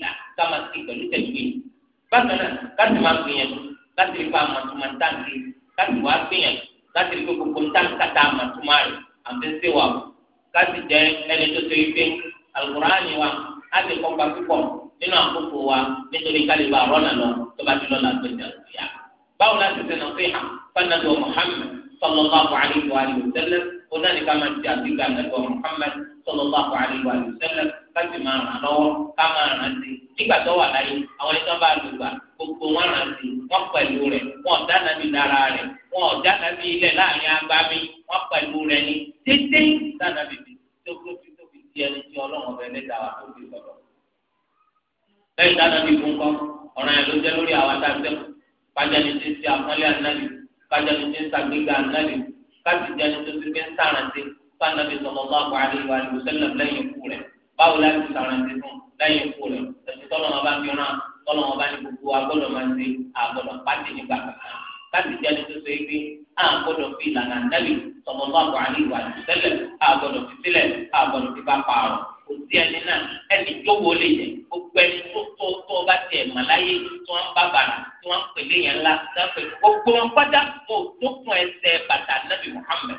B: fẹ́ bákan náà láti máa gbìyànjú láti rí pa àmàtúmọ̀ ntáǹkì láti wá gbìyànjú láti rí pé gbogbo ntáǹkàtà àmàtúmọ̀ rẹ̀ àfẹsẹ̀ wà láti jẹ ẹni tó ṣe wípé alukóraani wa láti kọ́pa púpọ̀ nínú àkókò wa nítorí kálíbà rọ́nà lọ tó bá ti lọ la gbẹ̀jà lóya. báwo la ti sẹ́nà sí ha fanadọ̀ muhammed sallallahu alayhi wa sallam onáni ká máa ti àti gbàgbọ́ muhammed sallallahu alayhi wa sallam káàsì máa ràn lọ́wọ́ ká máa ràn sí nígbà tó wà láyé àwọn ẹni tó bá lò gbà gbogbo wọn ràn sí wọn pẹ̀lú rẹ̀ wọn ọ̀dá nàbí lára rẹ̀ wọn ọ̀dá nàbí ilẹ̀ láàrin agbami wọn pẹ̀lú rẹ̀ ní tètè sànàbí fi tó kó fi tó fi di ẹni tí ọlọ́run ọbẹ̀ lẹ́ta wa tó fi sọ̀rọ̀.
A: lẹ́yìn sànàbí fún kọ́
B: ọ̀ràn yẹn ló jẹ́ lórí àwa tá a fẹ́ kájẹni tí ń ṣe àpọ́nlé ànábì kájẹni tí ń ṣàgbéga ànábì kájẹni tó báwo la ti sàrántí fún lẹ́yìn ikú rẹ̀ ẹ̀sìn tọ́lọ́ wọn bá ń yọ̀nà tọ́lọ́ wọn bá ní gbogbo agbọ́dọ̀ máa ń ṣe àgbọ̀dọ̀ pàtì nígbà kankan láti jẹ́ ẹni tó so yìí pé àgbọ̀dọ̀ fi ìlànà àdábì sọ̀mọ́ bá wà ní ìwà ìtẹ́lẹ̀ àgbọ̀dọ̀ fi sílẹ̀ àgbọ̀dọ̀ fi bá pààrọ̀ kò sí ẹni náà ẹni tó wo lè yẹ gbogbo ẹni tó tó tó bá tiẹ̀ mà láyé tí wọ́n bá bàrà tí wọ́n pèlè yẹn ńlá tí wọ́n pèlè gbogbo wọn pátá tó tó kún ẹsẹ̀ bàtà nàbì Muhammad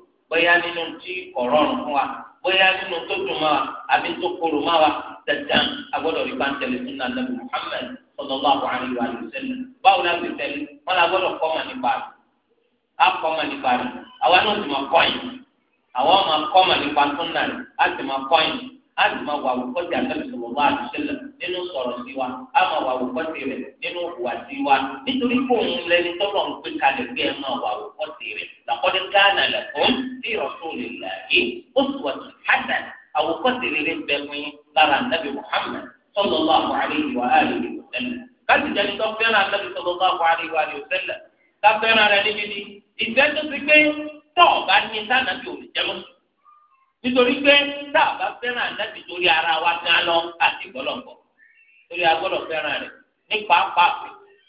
B: bóyá nínú tí ọ̀rọ̀rùn fún wa bóyá nínú tó dùn mọ́ wa àbí tó korò mọ́ wa dandan agbọ́dọ̀ rí báńtẹ̀lẹ̀ fún nàdàbí Muhammad sallallahu alaihi wa sallam báwo la ti tẹ̀lé wọn la gbọ́dọ̀ kọ́ mà nípa rẹ̀ kọ́ mà nípa àwa náà ti máa kọ́yìn àwa máa kọ́ mà nípa sunna rẹ̀ á ti máa kọ́yìn á ti máa wà wò kọ́jà nàbì sallallahu alaihi wa sallam nínú sọ̀rọ̀ sí wa á máa wà wòkọ́sì rẹ̀ nínú ìwà sí wa nítorí kó òun lẹni tọ́lọ̀ ń gbé kalẹ̀ bí ẹ máa wà wòkọ́sì rẹ̀ laqad kana lakum fi rasulillahi uswatun hasan àwòkọ́sì rere bẹ fún yín lára nàbì Muhammad sallallahu alayhi wa alihi wa sallam káàtì jẹni tó fẹ́ràn nàbì sallallahu alayhi wa sallam ká fẹ́ràn rẹ̀ níbi tó ti gbé tọ́ọ̀ bá ní sànàbì nítorí pé tá a bá fẹ́ràn ànábì torí ara wa gan lọ àti gbọ́lọ́gbọ́ torí agbọ́dọ̀ fẹ́ràn rẹ̀ ní pàápàá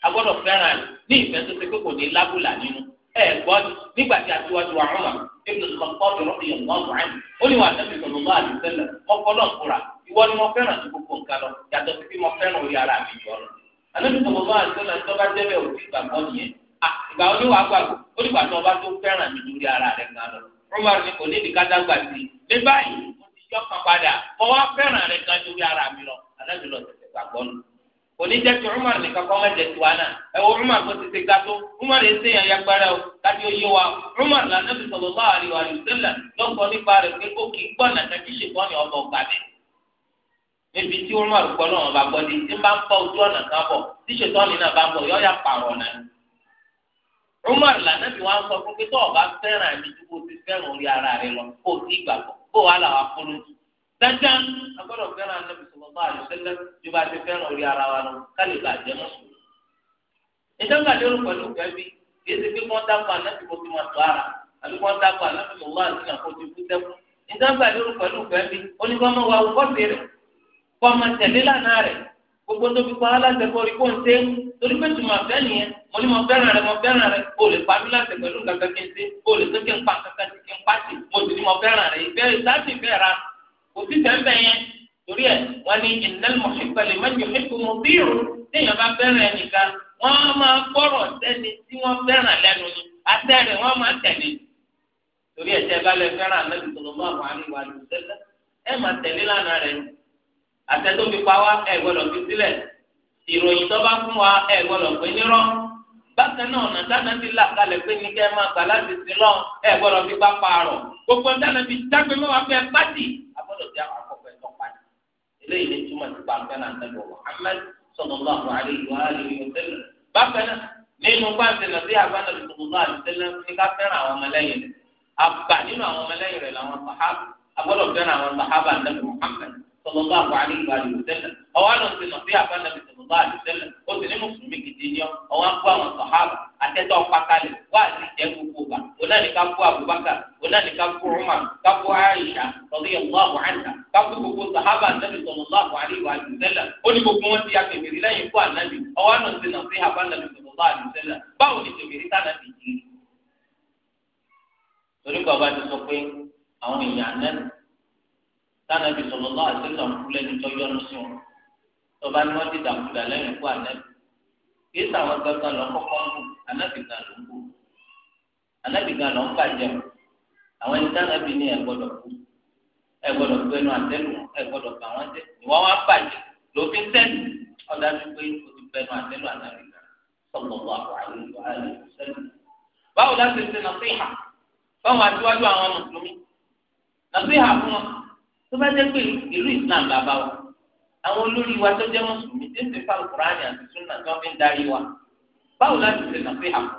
B: agbọ́dọ̀ fẹ́ràn rẹ̀ ní ìfẹ́ tó ṣe pé kò ní lábùlà nínú ẹ̀ gbọ́ nígbà tí aṣíwájú wa ọ̀hún ibùdó tó kọ́ ọ̀dọ̀rọ̀ ìyẹn mọ́ ọ̀hún ó ní wà lẹ́bi sọ̀rọ̀ bá àti sẹ́lẹ̀ ọkọ̀ náà kúra ìwọ ni mo fẹ́ràn sí gbogbo nǹkan lọ yàtọ̀ sí bí mo fẹ́ràn orí ara mi jọ lọ. àlejò sọ̀rọ̀ bá àti sẹ́lẹ̀ tó bá jẹ́ bẹ́ẹ̀ òfin ìgbàgbọ́ nìyẹn ìgbà wo ni wàá gbàgbọ́ ó ní gbàtọ́ ọba tó fẹ́ràn mi lórí ara rẹ̀ gan lọ. rúbà ni kò ní ibi ká dágbà sí i ní báyìí mo ti yọ kan mo wá fẹ́ràn rẹ̀ gan lórí ara mi lọ àlejò lọ sí gbàgbọ́ nù. kò ní jẹ́ ti Umar nìkan kọ́ mẹ́jẹ tiwa náà ẹ wo Umar kó ti ti ga tó Umar yìí sèyàn ya gbẹrẹ o kájí oyé wa Umar là nàbì sallallahu alaihi wa sallam lọ́kọ̀ nípa rẹ̀ pé ó kì í gbọ́ nàkà kí ṣe kọ́ ni ọmọ ọgbà bẹ̀. níbi tí Umar kọ́ náà ọba gbọ́ di tí bá ń bọ́ ojú ọ̀nà kan bọ̀ tí ṣètò ọ̀nì náà bá ń bọ̀ yọ ya pààrọ̀ náà. Umar là nàbì wa sọ fún pé tó ọba fẹ́ràn àmì ju o ti gbàgbọ́ dandan agbọ́dọ̀ fẹ́ràn anabi sọlọmọ àlùsẹlẹ bí wàá ti fẹ́ràn orí ara wa lọ kálí bá jẹ mọ sùn. ìjọba lérò pẹ̀lú kẹbí kìí ṣe pé wọn dákọ anabi kò ti máa tó ara àbí wọn dákọ anabi sọlọmọ àlùsẹlẹ kò ti kú sẹkù. ìjọba lérò pẹ̀lú kẹbí onígbàmọ wa wọ fèrè kọ ọmọ tẹlẹ lánàá rẹ gbogbo tó fi pa aláṣẹ kọ orí kò ń ṣe torí pé tùmọ̀ fẹ́ nìyẹn mo ní mo fẹ́ràn rẹ mo fẹ́ràn rẹ o lè pa mí láṣẹ pẹ̀lú kankan kí o lè tó kí n pa kankan kí n pa sí mo sì ní mo fẹ́ràn rẹ ìfẹ́ ìsáàtì fẹ́ kò sí sẹ́ńbẹ̀ yẹn torí ẹ̀ wọ́n ní innal muhibba liman yuhibbu muti'u téèyàn bá fẹ́ràn ẹnìkan wọ́n máa gbọ́rọ̀ sẹ́ni tí wọ́n fẹ́ràn lẹ́nu ni atẹ́rẹ̀ wọ́n máa tẹ̀lé torí ẹ̀ tẹ́ bá lẹ fẹ́ràn Ànábì sallallahu alaihi wa sallam ẹ máa tẹ̀lé lánàá rẹ̀ àtẹ́tó fi pa wá ẹ gbọ́dọ̀ fi sílẹ̀ ìròyìn tó bá fún wa ẹ gbọ́dọ̀ pé nírọ́ bákan náà ọ̀nà dáná ti là kalẹ̀ pé ní kẹ́ máa gbà láti sí lọ́n gbọ́dọ̀ fi bá paarọ̀ gbogbo dáná ti dágbé mọ́ wa fẹ́ pátì lọ́dọ̀ bí àwọn akọ́kọ́ ẹ̀ tọ́pa ni eléyìí ni túmọ̀ sí pàǹpẹ́ náà tẹ̀lé ọ̀rọ̀ Muhammad sallallahu alaihi wa alihi wa sallam bákan náà nínú pàǹpẹ́ náà bí àgbàdo sallallahu alaihi wa sallam ní ká fẹ́ràn àwọn ọmọlẹ́yìn rẹ̀ àgbà nínú àwọn ọmọlẹ́yìn rẹ̀ làwọn sàhábà agbọ́dọ̀ fẹ́ràn àwọn sàhábà tẹ̀lé Muhammad sọlọ́lá àwọn àlejò àlejò tẹ́lẹ̀ ọwọ́ àlọ́ ti nà sí àbá nàbì sọlọ́lá àlejò tẹ́lẹ̀ ó sì ní mùsùlùmí gidi ni ọwọ́ àbú àwọn sàhábà àtẹ́tọ́ pàkàlẹ̀ wà á sì jẹ́ gbogbo gbà onáni ká bú Abubakar onáni ká bú Umar ká bú Aisha radiyallahu anha ká bú gbogbo sàhábà nàbì sọlọ́lá àwọn àlejò àlejò tẹ́lẹ̀ ó ní gbogbo wọn ti akẹ̀mẹ̀rì lẹ́yìn fún ànábì ọwọ́ àlọ́ ti nà sí àbá nàbì sọlọ́lá àlejò tẹ́lẹ̀ báwo ni kẹ̀mẹ̀rì tánàbì yìí torí bàbá ti sọ pé àwọn èèyàn náà tánàbì sọlọ lọ àtẹsọ ńkúlẹ nítorí ọdún sí wọn tọba ni wọn ti dàkúdà lẹ́yìn ikú ànábì kìí sàwọn gbọngàn lọ kọ́kọ́ ń bù ànábì gan ló ń bù ànábì gan ló ń bàjẹ́ àwọn ẹni tánàbì ní ẹgbọ́dọ̀ kú ẹgbọ́dọ̀ kú ẹnu àtẹlù wọn ẹgbọ́dọ̀ kà wọn jẹ ìwọ wọn bàjẹ́ lófin tẹlẹ ọdọ àti pé o ti bẹnu àtẹlù ànábì gan sọlọ lọ àwọn àlejò báwo láti ṣe nàṣíhà báwo àtiwájú àwọn mùsùlùmí nàṣíhà fún wọn tó bá jẹ́ pé ìlú islam bàbá wa àwọn olórí wa tó jẹ́ mùsùlùmí tí ń fi fa alukurani àti sunna tí wọ́n fi ń darí wa báwo láti ṣe nàfẹ́ àpò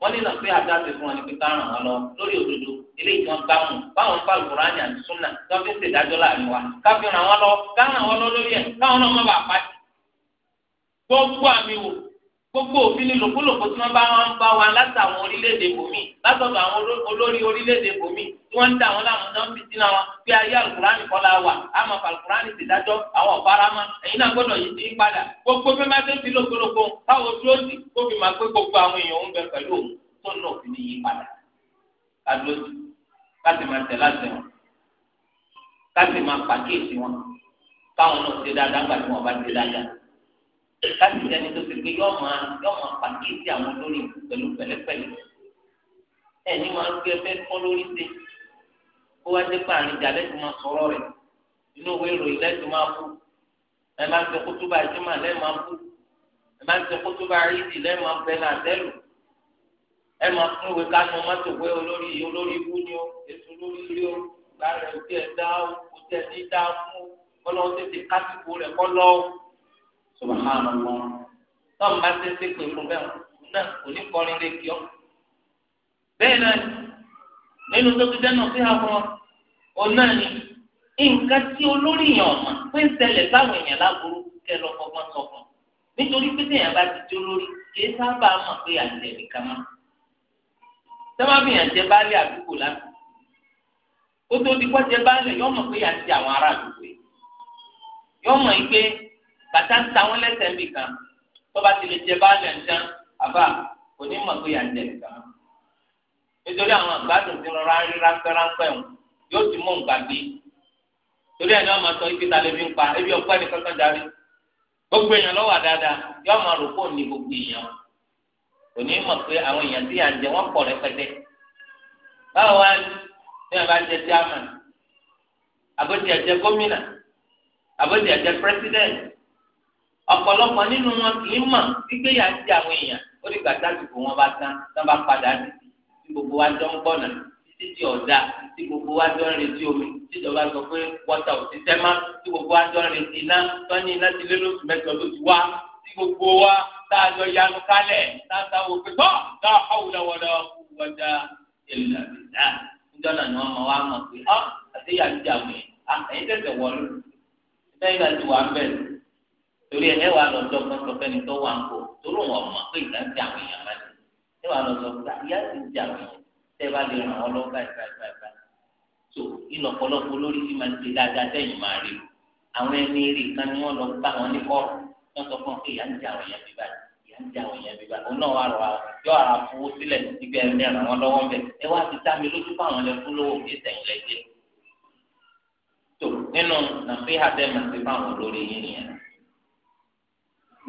B: wọ́n ní nàfẹ́ àti àti fún wọn ní pípa ràn wọ́n lọ lórí òdodo eléyìí tí wọ́n gbá mú báwo ń fa alukurani àti sunna tí wọ́n fi ń ṣèdájọ́ láàrin wa káfí ràn wọ́n lọ ká ràn wọ́n lọ lórí ẹ̀ káwọn náà má bàa pàṣẹ gbogbo àmì wò gbogbo òfin ni lòkúlòkú tí wọ́n bá wọn ń bá wa látàwọn orílẹ̀-èdè bòmí látọ̀dọ̀ àwọn olórí orílẹ̀-èdè bòmí tí wọ́n ń dà wọ́n láwọn tó ń fi sínú wọn pé ayé alukurani kọ́ la wà àmọ́ alukurani ti dájọ́ àwọn ọ̀farama ẹ̀yin náà gbọ́dọ̀ yìí ti padà gbogbo bí wọ́n ti fi lòkúlòkú káwọn dúró sí kó fi máa pé gbogbo àwọn èèyàn ń bẹ pẹ̀lú òun tó náà fi ní yí padà kádúrósì káti máa tẹ̀ láti wọn káti máa pàkíyèsí wọn káwọn náà ti dáadáa gbà tí wọn bá ti dáadáa láti ṣe ẹni tó ti pé yọọ máa yọọ máa pàkíyèsí àwọn olórí pẹ̀lú pẹ̀lẹ́pẹ̀lẹ́ ẹni máa ń gbé ẹfẹ kọ lórí ṣe kó wá dé pààrin ìjà lẹ́sìn máa sọ̀rọ̀ rẹ̀ inú òwe ìròyìn lẹ́sìn máa bú ẹ máa ń sọ kó tó bá ẹjọ́ máa lẹ́ẹ̀ máa bú ẹ máa ń sọ kó tó bá rí ìdí lẹ́ẹ̀ máa bẹ náà tẹ́lù ẹ máa fún ìwé kánú mọ́tò pé olórí olórí ibú ni ó èso lórí ilé ó gbá rẹ̀ ó tiẹ̀ dá ó tiẹ̀ ní dá fún ọlọ́run tètè kásìkò subhanallah náà bá ti ṣe pé fún bẹ́ẹ̀ náà kò ní kọrin lè kí ọ. bẹ́ẹ̀ náà nínú tó ti dẹ́nu sí àwọn ọ̀nà ni nǹkan tí olórí yẹn ọ̀mà pé ń ṣẹlẹ̀ báwọn èèyàn láburú kẹ́ lọ fọgbọ́n sọ fún nítorí pé téèyàn bá ti jó lórí kì í sábà mọ̀ pé àjẹ́ nìkan mọ́. sẹ́wábìyàn jẹ baálé àdúgbò láti kótó ti kọ́ jẹ baálé yọ́mọ̀ pé àti àwọn ará àdúgbò yìí yọ́mọ̀ yìí bàtà ń ta wọn lẹ́sẹ̀ níbi kan tọ́ba ti lè jẹ báàlẹ̀ ń dán àbá onímọ̀ pé yà ń jẹ nìkan nítorí àwọn àgbàdo ti rọra ń rí ráńpẹ́ ráńpẹ́ wọn yóò ti mú nǹkan gbé torí ẹ̀ ní ọmọ sọ ibi ta lè fi ń pa ebi ọ̀pọ̀ ẹni kankan darí gbogbo èèyàn lọ́wọ́ dáadáa yóò máa rò pọ̀ ní gbogbo èèyàn onímọ̀ pé àwọn èèyàn tí yà jẹ wọ́n pọ̀ rẹpẹtẹ báwo wá ní ẹ̀ bá jẹ chairman àbótiẹ̀jẹ gómìnà àbótiẹ̀jẹ president ọ̀pọ̀lọpọ̀ nínú wọn kì í mọ̀ wípé yà á ti àwọn èèyàn ó lè gbà sásìkò wọn bá tán tán bá padà sí tí gbogbo wa jọ ń gbọ̀nà títí tí ọ̀dà tí gbogbo wa jọ ń retí omi tíjọba sọ pé wọ́tà ò ti tẹ́má tí gbogbo wa jọ ń retí iná tọ́ni iná ti lé lóṣù mẹ́jọ ló ti wá tí gbogbo wa tá a jọ yanu kálẹ̀ tá a sáwọ́ pé tọ́ tá a hàwù lọ́wọ́dọ́ wọ́jà ìlà ìlà níjọ́ náà ni wọ́n mọ̀ wá mọ̀ pé ọ́ ah, àti yà á ti àwọn èèyàn àtẹ̀yìn tẹ̀sẹ̀ wọ́ọ́lù torí ẹ wà lọ sọ fún sọfẹ ní tó wà ń kó torí wọn mọ pé ìgbà ń ti àwọn èèyàn má ti ẹ wà lọ sọ fún ìyá ti ń ti àwọn tẹ bá lè ràn wọn lọ báyìí báyìí báyìí tó ìlọpọlọpọ lórí ti máa ń ti dáadáa sẹ́yìn máa rí àwọn ẹni rí kan ni wọn lọ bá wọn ní kọrọ wọn sọ fún pé ìyá ń ti àwọn èèyàn bíbá ìyá ń ti àwọn èèyàn bíbá òun náà wà rọ yọ ara fowó sílẹ̀ ìgbẹ ẹni ràn wọn lọ́wọ́ bẹ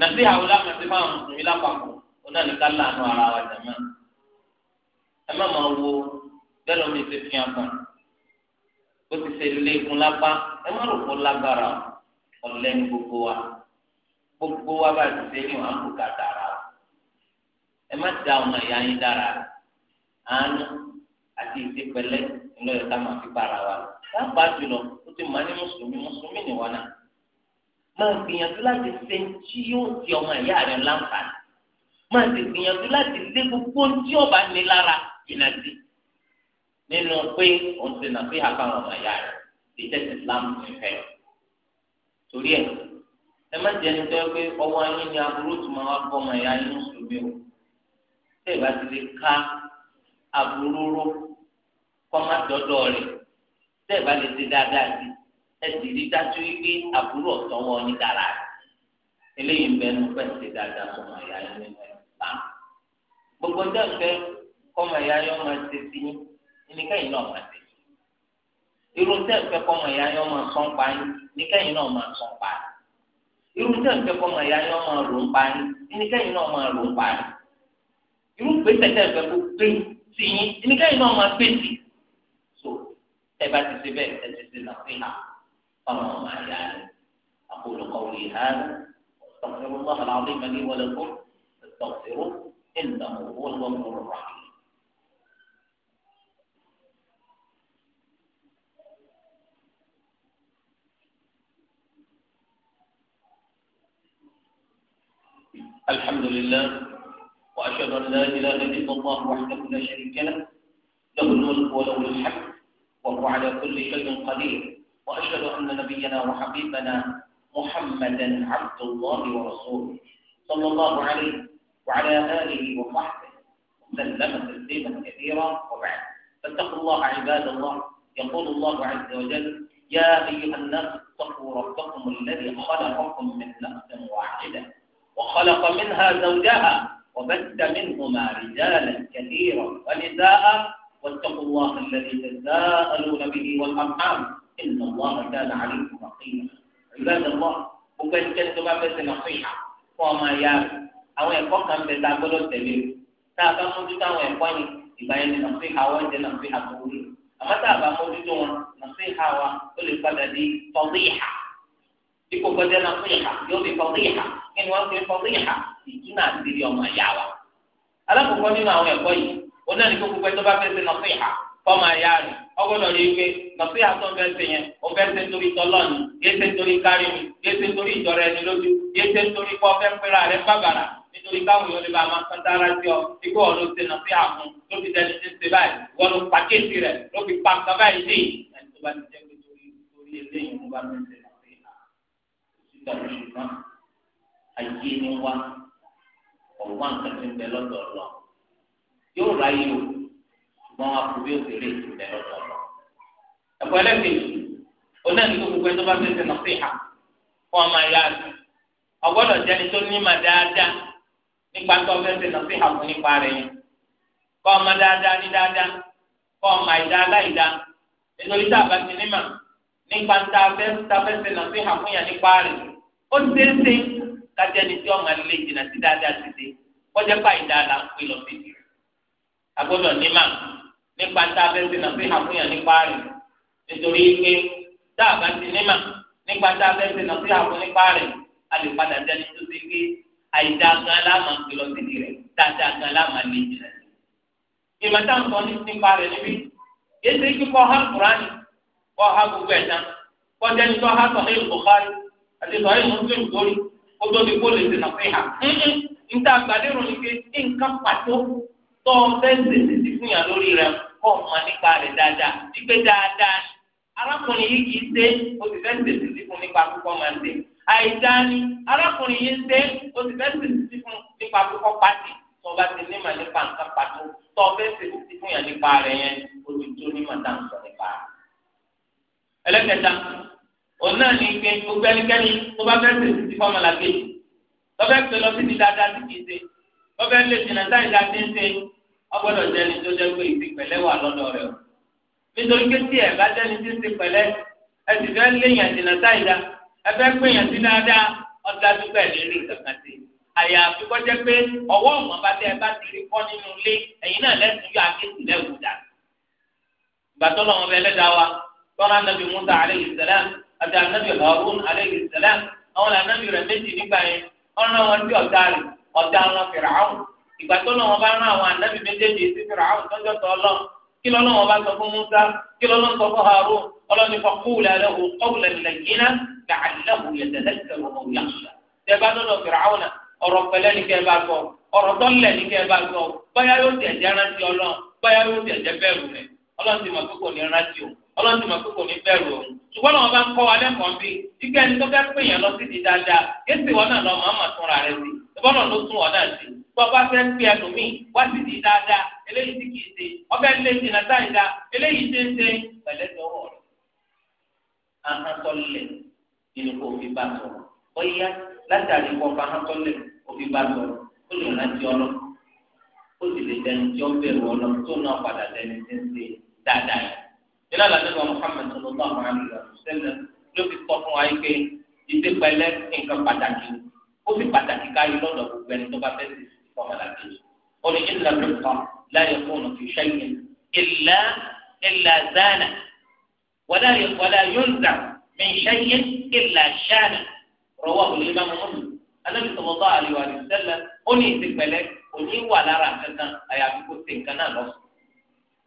B: nàbí àwọn lámàtí fáwọn mùsùlùmí lápapọ̀ ó náà ní ká láàánú ara wa jàmá ẹ má máa wo bẹ́ẹ̀ lómi ti fi hàn kàn ó ti ṣe lé ikun lápá ẹ má rò kó lágbára ọ̀lẹ́ ní gbogbo wa gbogbo wa bá ti ṣe ní wàá kó kàtà ara ẹ má da ọmọ ìyá yín dára àánú àti ìdí pẹ̀lẹ́ ńlọrọ ká máa fi bára wa lọ lápá jùlọ ó ti mọ ní mùsùlùmí mùsùlùmí nìwọ náà máa gbìyànjú láti ṣe tí yóò ti ọmọ ìyá rẹ láǹfààní máa ti gbìyànjú láti lé gbogbo tí ọba ní lára jìnnà sí nínú pé òun ti nà pé àbáwọn ọmọ ìyá rẹ lè tẹsí Islam ti fẹ torí ẹ ẹ má jẹ ẹni tó yẹ pé ọwọ́ ayé ni aburú tó máa wá kọ ọmọ ìyá yín mùsùlùmí o tẹ ìbá ti lè ká aburú ró kọ́ má dọ́dọ̀ rẹ̀ tẹ ìbá lè ti dáadáa sí i ẹsì rí dájú wípé àbúrò ọ̀tọ̀ wọn ní dára eléyìí ń bẹ nínú pẹ̀sì dáadáa sọmọ ìyá yín nínú ìgbà gbogbo ọjọ́ ìfẹ́ kọ́mọ ìyá yín ọmọ ẹsẹ̀ sí yín nìkẹ́yìn náà máa tẹ̀ irú tẹ́ ìfẹ́ kọ́mọ ìyá yín ọmọ sọ́n pa yín nìkẹ́yìn náà máa sọ́n pa yín irú tẹ́ ìfẹ́ kọ́mọ ìyá yín ọmọ rò ń pa yín nìkẹ́yìn náà máa rò ń pa yín irú gbèsè tẹ́ ìfẹ́ kó gbé sí yín nìkẹ́yìn náà máa gbé so ẹ bá ti ṣe bẹ́ẹ̀ ẹ ti ṣe làwọn ìlànà. قرر ما يعني أقول قولي هذا واستغفر الله العظيم لي ولكم فاستغفروه إنه هو الغفور الرحيم الحمد لله وأشهد أن لا إله إلا الله وحده لا شريك له له الملك وله الحمد وهو على كل شيء قدير وأشهد أن نبينا وحبيبنا محمدا عبد الله ورسوله صلى الله عليه وعلى آله وصحبه وسلم تسليما كثيرا وبعد فاتقوا الله عباد الله يقول الله عز وجل يا أيها الناس اتقوا ربكم الذي خلقكم من نفس واحدة وخلق منها زوجها وبث منهما رجالا كثيرا ونساء واتقوا الله الذي تساءلون به والأرحام إن الله كان عليكم رقيبا عباد الله وكان كنت ما بس نصيحة وما يعرف أو يكون كان بتاكل تبيه تابع موجود أو يكون يبين نصيحة أو يجي نصيحة تقول أما تابع موجود نصيحة أو كل بدأ دي فضيحة ikú kọjá náà fún ìhà yóò fi fọdún ìhà kí ni wọn fi fọdún ìhà ìdúnà àdìrí ọmọ ìyá wa. alákòókò nínú àwọn ọgbọ́dọ̀ rí i pé lọsí àtọ̀nbẹ ṣe yẹn ọbẹ̀ ṣe torí tọ́lọ́ ni yé ṣe torí kárí mi yé ṣe torí ìjọra ẹni lójú yé ṣe torí kọ́ fẹ́ pẹ́ra rẹ bàbàrà nítorí káwọn èèyàn lè bá máa kán dára sí ọ ikú ọ̀ ló ṣe lọsí àfún ló fi dẹni ṣe ṣe báyìí wọ́n ló pa kéèsì rẹ̀ ló fi pa nǹkan báyìí sí ẹni tó bá ti jẹ́ pé torí torí eléyìí ló bá ti ṣe lọsí àfún wọn wá kú bí ó ti rí ìtìlẹ lọ́dọ̀ lọ. ẹ̀kọ́ ẹlẹ́kẹ̀ẹ́ onáni tó gbogbo ẹjọ́ bá fẹ́ ṣe nàfẹ́ hà fún ọmọ ìyá rẹ̀ ọgbọ́dọ̀ jẹ́ni tó ní ma dáadáa nípa tó fẹ́ ṣe nàfẹ́ hà fún nípa rẹ̀ yẹn kọ́ ọmọ dáadáa ní dáadáa kọ́ ọmọ ìdá aláìdá nítorí tá a bá ti ní mà nípa tá a fẹ́ ṣe nàfẹ́ hà fún yà nípa rẹ̀ ó ṣeéṣe kájẹ́ni tí ọmọ ilé ìjìnà ti dáadáa ti dé kọjá báyìí dáadáa ń pè lọ sí ìdí rẹ̀ agbọ́dọ̀ ní mà nípa tá a fẹ́ ṣe nàfi àfúnyàn nípa rẹ̀ nítorí pé tá a bá ti nímà nípa tá a fẹ́ ṣe nàfi àfún nípa rẹ̀ a lè padà dání tó ṣe pé àìdá gan láàmà ń gbélọ síbi rẹ̀ dáadáa gan láàmà lè jìnà sí. ìmọ̀ tá à ń sọ nípa rẹ̀ níbí yéésì kíkọ́ ha kúránì kọ́ ha gbogbo ẹ̀ tán kọ́ jẹ́ni tó ha sọ̀rọ̀ ìlú Bukhari àti sọ̀rọ̀ ìlú Muslim torí ó tó ti kó lè ṣe nàfi hà. níta gbàdérò ni pé nǹkan pàtó dáadáa wípé dáadáa arákùnrin yìí kì í ṣe o sì fẹ́ ṣèṣì sí fún nípa púpọ̀ máa ń ṣe àìdá ni arákùnrin yìí ṣe o sì fẹ́ ṣèṣì sí fún nípa púpọ̀ pàtì tó bá ti nímọ̀ nípa nǹkan pàtó tó o fẹ́ ṣèṣì fún yàn nípa rẹ̀ yẹn o ti tó nímọ̀ tá à ń sọ nípa rẹ̀. ẹlẹ́kẹta òun náà ní pé gbogbo ẹnikẹ́ni tó bá fẹ́ ṣèṣì sí fọ́ọ̀mù làgbèjì lọ́fẹ́ pé lọ sí ti dáadáa nítorí pé tí ẹ̀ bá dẹ́ni tí ń ti pẹ̀lẹ́ ẹ sì fẹ́ léèyàn jìnnà sáìdá ẹ fẹ́ péyàn sí dáadáa ọ̀dà dúpẹ́ lérí kankan sí i àyàfi kọjá pé ọwọ́ ọ̀mọ́ bá tẹ ẹ bá ti rí kọ́ nínú ilé ẹ̀yin náà lẹ́sìn yóò akéwì lẹ́wù dà. gbàtọ́ lọ́wọ́ bẹ lẹ́dàá wa tọ́lá nàbì Musa aleyhi sẹlẹm àti ànàbì Harun aleyhi sẹlẹm àwọn ànàbì rẹ̀ kí lọ́nà wọn bá sọ fún Musa kí lọ́nà sọ fún Harun ọlọ́ni faqula lahu qawlan layyina la'allahu yatadhakkaru aw yakhsha. tẹ bá lọ́dọ̀ Fir'auna ọ̀rọ̀ pẹ̀lẹ́ ní kẹ́ẹ̀ bá sọ ọ̀rọ̀ tọ́lẹ̀ ní kẹ́ẹ̀ bá sọ báyà yóò tẹ̀ jẹ́ rántí ọlọ́run báyà yóò tẹ̀ jẹ́ bẹ́ẹ̀rù rẹ̀ ọlọ́run ti mọ̀ ní rántí o ọlọ́run ti mọ̀ ní bẹ̀rù o ṣùgbọ́n làwọn bá ń kọ́ wa lẹ́kọ̀ọ́ bí ike tó fẹ́ pè yẹn lọ sí ti dáadáa yéèsì wọn náà lọ màmá túnra rẹ sí ṣùgbọ́n lọ́n ló tún wọn náà sí tọba fẹ́ pe ẹlòmíì wá sí ti dáadáa eléyìí tí kìí ṣe ọbẹ̀ lè ṣe nàta ìdá eléyìí ṣe ń ṣe pẹ̀lẹ́dọ̀wọ̀ rẹ̀ ahantọ́lẹ̀ nínú kó fi bá sọ̀rọ̀ bóyá látàrí kó fa ahantọ́lẹ̀ kó fi bá sọ̀rọ̀ ó lè rántí ọlọ́ ó sì lè dẹni tí ó bẹ̀rù ọlọ́ tó náà padà dẹni tí ń ṣe dáadáa yìí nínú àlàyé wa Muhammad sallallahu alaihi wa sallam ló fi kọ́ fún wa yìí pé ìdí وملائكته قل إن الرفق لا يكون في شيء إلا إلا زانه ولا ولا ينزع من شيء إلا شانه رواه الإمام مسلم النبي صلى الله عليه وسلم قل إستقبالك قل ولا رأسك أيا بكو سنكنا نص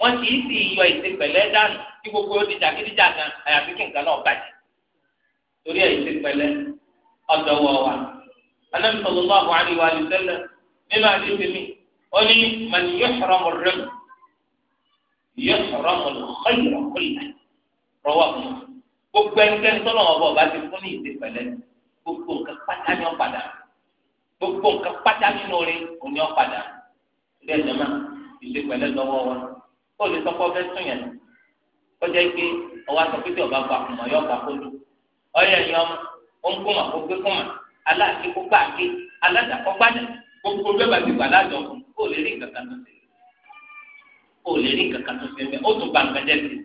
B: wọ́n ti ti yọ ìsepẹ̀lẹ́ dànù kí gbogbo ó di jàgídíjà kan àyàfi kí nǹkan náà bàjẹ́ torí ẹ̀ ìsepẹ̀lẹ́ ọ̀dọ̀wọ̀ wa anábì sallallahu alaihi wa sallam nínú àdéhùn mi ó ní man yuhramu ar-rim yuhramu al-khayra kullahu rọwọ́ fún gbogbo ẹnikẹ́ni tọ́lọ̀ ọ̀bọ̀ ọba ti fún ní ìdí pẹ̀lẹ́ gbogbo nǹkan pátá ni ó padà gbogbo nǹkan pátá nínú orin òní ó padà ilé ẹ̀jẹ̀ máa ìdí pẹ̀lẹ́ lọ́wọ́ wa kó lè sọ́kọ́ fẹ́ tún yẹn kọjá ike ọwọ́ aṣọ pété ọba gba kùmọ̀ yọ ọba kó lu ọyẹ ẹ̀yìn ọmọ ó ń kùmọ̀ ó gbé kùmọ̀ aláàkí kó gbàgbé aládàkọ́ gbàdà gbogbo bẹ́ẹ̀ bá ti gbàdá jọ kó lè rí kankan tó ṣe kó lè rí kankan tó ṣe ó tún gbàǹkà jẹ́ sí.